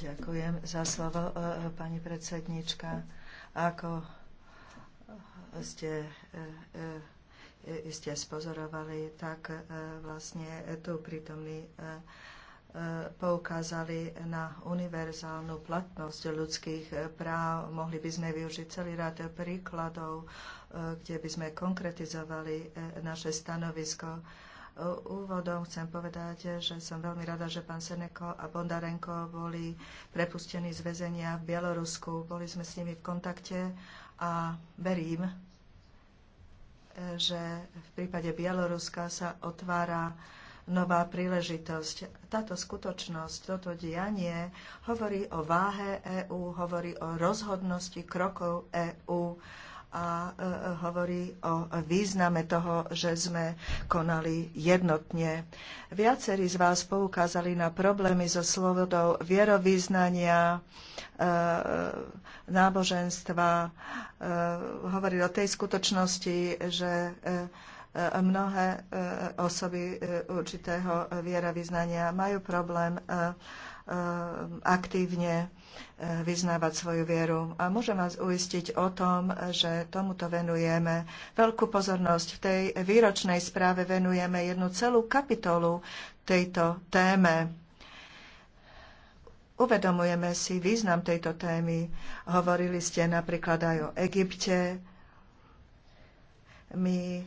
Speaker 1: Ďakujem za slovo, uh, pani predsednička. Ako ste uh, E, ste spozorovali, tak e, vlastne tu prítomní e, poukázali na univerzálnu platnosť ľudských práv. Mohli by sme využiť celý rád príkladov, kde by sme konkretizovali naše stanovisko. Úvodom chcem povedať, že som veľmi rada, že pán Seneko a Bondarenko boli prepustení z väzenia v Bielorusku. Boli sme s nimi v kontakte a verím, že v prípade Bieloruska sa otvára nová príležitosť. Táto skutočnosť, toto dianie hovorí o váhe EÚ, hovorí o rozhodnosti krokov EÚ a e, e, hovorí o význame toho, že sme konali jednotne. Viacerí z vás poukázali na problémy so slobodou vierovýznania, e, náboženstva, hovorili o tej skutočnosti, že mnohé osoby určitého vierovýznania majú problém Ehm, aktívne ehm, vyznávať svoju vieru. A môžem vás uistiť o tom, že tomuto venujeme veľkú pozornosť. V tej výročnej správe venujeme jednu celú kapitolu tejto téme. Uvedomujeme si význam tejto témy. Hovorili ste napríklad aj o Egypte. My ehm,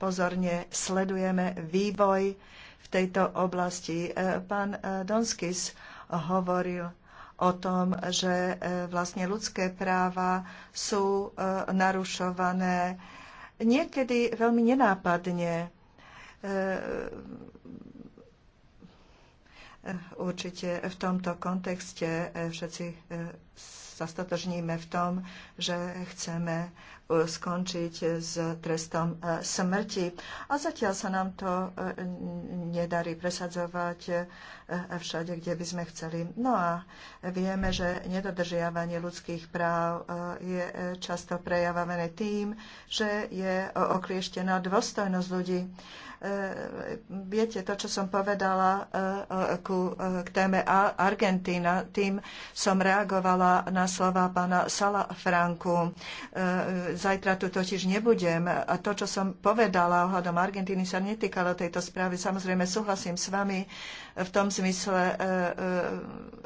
Speaker 1: pozorne sledujeme vývoj v tejto oblasti. E, pán e, Donskis hovoril o tom, že e, vlastne ľudské práva sú narušované niekedy veľmi nenápadne. Určite v tomto kontexte všetci sa statožníme v tom, že chceme skončiť s trestom e, smrti. A zatiaľ sa nám to e, nedarí presadzovať e, všade, kde by sme chceli. No a vieme, že nedodržiavanie ľudských práv je často prejavavené tým, že je oklieštená dôstojnosť ľudí viete to, čo som povedala ku, k téme Argentína, tým som reagovala na slova pána Sala Franku. Zajtra tu totiž nebudem. A to, čo som povedala ohľadom Argentíny, sa netýkalo tejto správy. Samozrejme, súhlasím s vami v tom zmysle, e, e,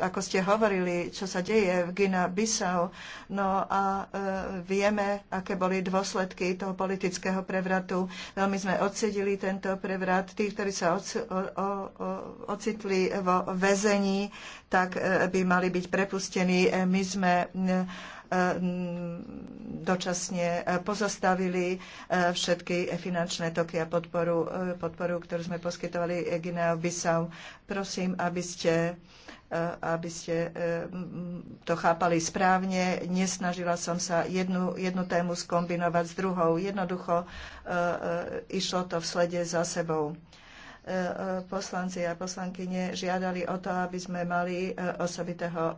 Speaker 1: ako ste hovorili, čo sa deje v Gina-Bissau. No a e, vieme, aké boli dôsledky toho politického prevratu. Veľmi sme odsedili tento prevrat. Tí, ktorí sa ocitli vo väzení, tak by mali byť prepustení. My sme E, dočasne pozastavili e, všetky finančné toky a podporu, e, podporu ktorú sme poskytovali Gineo Bissau. Prosím, aby ste aby ste to chápali správne. Nesnažila som sa jednu, jednu tému skombinovať s druhou. Jednoducho išlo to v slede za sebou poslanci a poslankyne žiadali o to, aby sme mali osobitého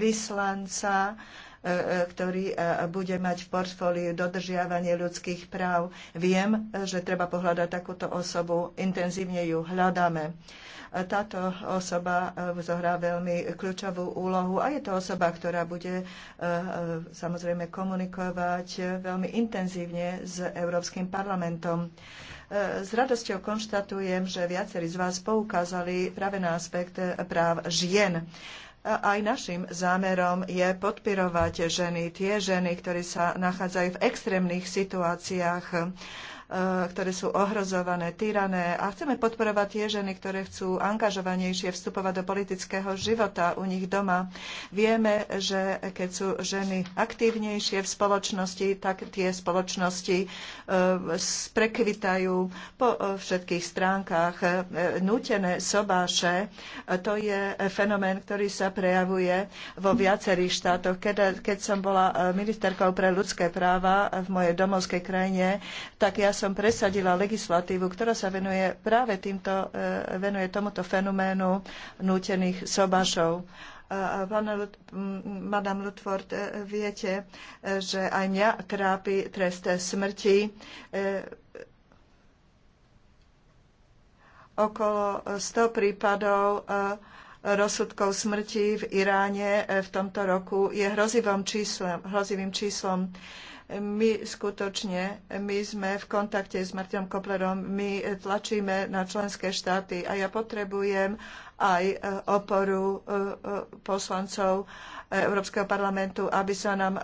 Speaker 1: vyslanca E, e, ktorý e, bude mať v portfóliu dodržiavanie ľudských práv. Viem, že treba pohľadať takúto osobu, intenzívne ju hľadáme. Táto osoba zohrá veľmi kľúčovú úlohu a je to osoba, ktorá bude samozrejme komunikovať veľmi intenzívne s Európskym parlamentom. S radosťou konštatujem, že viacerí z vás poukázali práve na aspekt práv žien aj našim zámerom je podpirovať ženy, tie ženy, ktoré sa nachádzajú v extrémnych situáciách ktoré sú ohrozované, tyrané a chceme podporovať tie ženy, ktoré chcú angažovanejšie vstupovať do politického života u nich doma. Vieme, že keď sú ženy aktívnejšie v spoločnosti, tak tie spoločnosti e, prekvitajú po e, všetkých stránkach. E, Nútené sobáše, to je fenomén, ktorý sa prejavuje vo viacerých štátoch. Keď, keď som bola ministerkou pre ľudské práva v mojej domovskej krajine, tak ja som presadila legislatívu, ktorá sa venuje práve týmto, e, venuje tomuto fenoménu nútených sobašov. Pána, madam Lutford, e, viete, e, že aj mňa trápi trest smrti. Okolo 100 prípadov rozsudkov smrti v Iráne v tomto roku je hrozivým číslom. Hrozivým číslom. My skutočne, my sme v kontakte s Martinom Koplerom, my tlačíme na členské štáty a ja potrebujem aj e, oporu e, e, poslancov Európskeho parlamentu, aby sa nám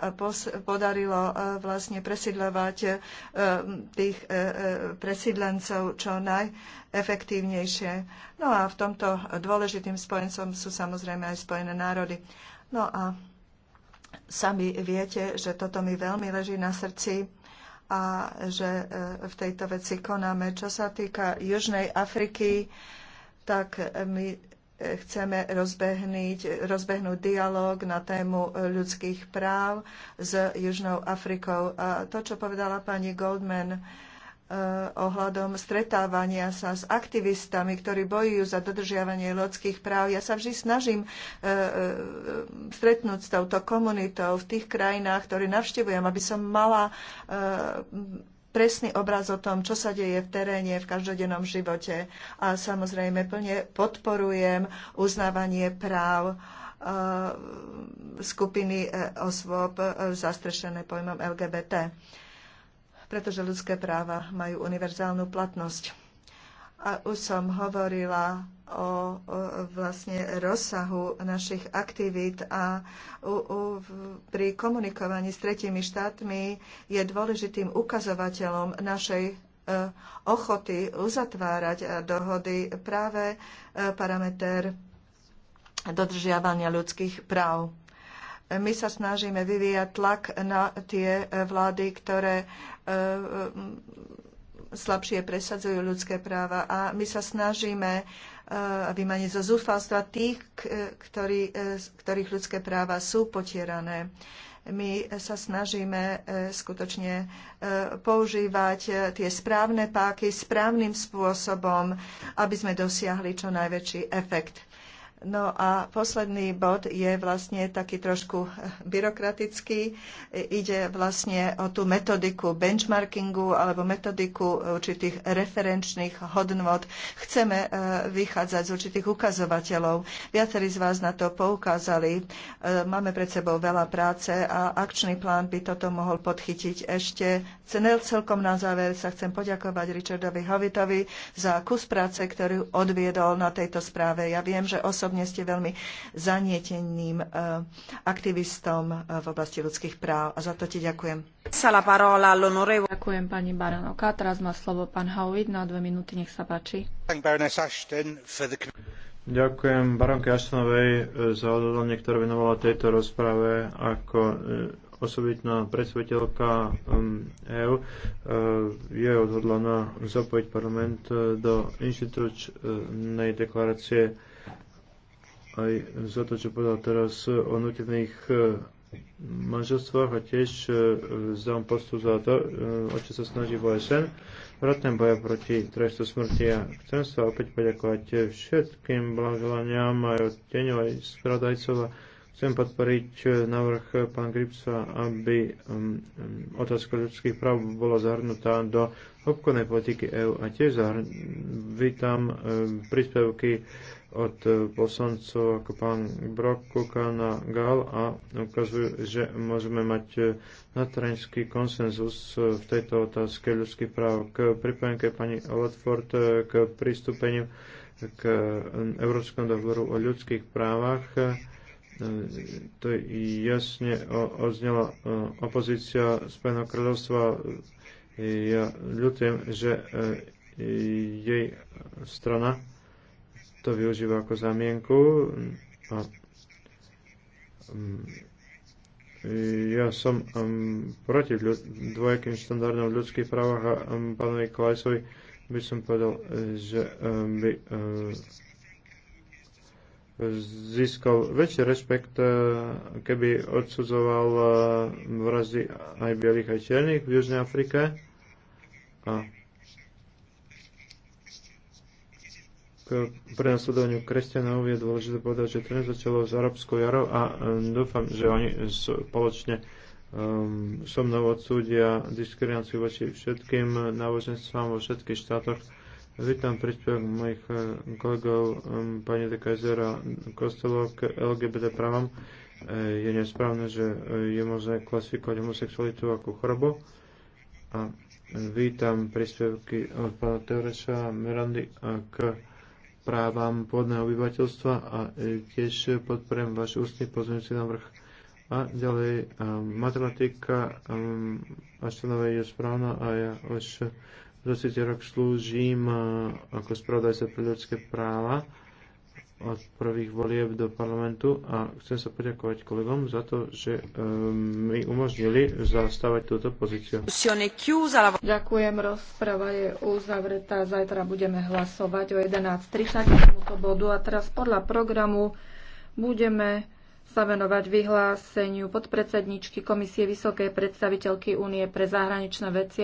Speaker 1: podarilo vlastne presidľovať tých presidlencov čo najefektívnejšie. No a v tomto dôležitým spojencom sú samozrejme aj Spojené národy. No a Sami viete, že toto mi veľmi leží na srdci a že e, v tejto veci konáme. Čo sa týka Južnej Afriky, tak my e, chceme rozbehnúť, rozbehnúť dialog na tému ľudských práv s Južnou Afrikou. A to, čo povedala pani Goldman, Eh, ohľadom stretávania sa s aktivistami, ktorí bojujú za dodržiavanie ľudských práv. Ja sa vždy snažím eh, eh, stretnúť s touto komunitou v tých krajinách, ktoré navštevujem, aby som mala presný obraz o tom, čo sa deje v teréne, v každodennom živote. A samozrejme plne podporujem uznávanie práv skupiny osôb zastrešené pojmom LGBT pretože ľudské práva majú univerzálnu platnosť. A už som hovorila o, o vlastne rozsahu našich aktivít a u, u, pri komunikovaní s tretími štátmi je dôležitým ukazovateľom našej e, ochoty uzatvárať e, dohody práve e, parameter dodržiavania ľudských práv my sa snažíme vyvíjať tlak na tie vlády, ktoré e, slabšie presadzujú ľudské práva. A my sa snažíme vymaniť e, zo zúfalstva tých, ktorý, e, ktorých ľudské práva sú potierané. My sa snažíme skutočne používať tie správne páky správnym spôsobom, aby sme dosiahli čo najväčší efekt. No a posledný bod je vlastne taký trošku byrokratický. Ide vlastne o tú metodiku benchmarkingu alebo metodiku určitých referenčných hodnot. Chceme e, vychádzať z určitých ukazovateľov. Viacerí z vás na to poukázali. E, máme pred sebou veľa práce a akčný plán by toto mohol podchytiť ešte. Celkom na záver sa chcem poďakovať Richardovi Hovitovi za kus práce, ktorú odviedol na tejto správe. Ja viem, že osobne osobne ste veľmi zanieteným eh, aktivistom eh, v oblasti ľudských práv a za to ti ďakujem.
Speaker 3: Ďakujem pani Baranoka. Teraz má slovo pán Howitt na dve minúty, nech sa
Speaker 2: páči. Ďakujem Baronke Aštonovej eh, za odhodlanie, ktoré venovala tejto rozprave ako osobitná predstaviteľka um, EÚ je odhodlaná zapojiť parlament do inštitučnej deklarácie aj za to, čo povedal teraz o nutených eh, manželstvách a tiež eh, zdám postu za to, eh, o čo sa snaží VSN, vratné boja proti trestu smrti. A chcem sa opäť poďakovať všetkým blahoželaniam aj od tieňovej stradajcov a chcem podporiť návrh pán Gripsa, aby mm, otázka ľudských práv bola zahrnutá do obchodnej politiky EÚ a tiež zahrn- vítam príspevky od poslancov ako pán Brok, Kukan na Gal a ukazujú, že môžeme mať e, natrenský konsenzus e, v tejto otázke ľudských práv. K pripojenke pani Latford e, k pristúpeniu k Európskom dohovoru o ľudských právach to jasne odznela opozícia Spojeného kráľovstva. Ja ľutujem, že jej strana to využíva ako zamienku. A mm, ja som um, proti ľud- dvojakým štandardom v ľudských právach a um, pánovi Klajsovi by som povedal, že um, by um, získal väčší rešpekt, e, keby odsudzoval e, vrazy aj bielých aj čiernych v Južnej Afrike. A k prenasledovaniu kresťanov je dôležité povedať, že to nezačalo s arabskou jarou a e, dúfam, že oni spoločne um, so mnou odsúdia diskrimináciu voči všetkým náboženstvám vo všetkých štátoch. Vítam príspevok mojich e, kolegov um, pani de Kajzera Kostelo k LGBT právam. E, je nesprávne, že e, je možné klasifikovať homosexualitu ako chorobu. A vítam príspevky od pána Teoreša Mirandy k právam pôvodného obyvateľstva a e, tiež podporujem váš ústny pozmeňujúci návrh. A ďalej, matematika um, stanovej je správna a ja už 20 rok slúžim ako spravodajca pre ľudské práva od prvých volieb do parlamentu a chcem sa poďakovať kolegom za to, že um, mi umožnili zastávať túto pozíciu.
Speaker 3: Ďakujem, rozprava je uzavretá. Zajtra budeme hlasovať o 11.30 tomuto bodu a teraz podľa programu budeme sa venovať vyhláseniu podpredsedničky Komisie Vysokej predstaviteľky Únie pre zahraničné veci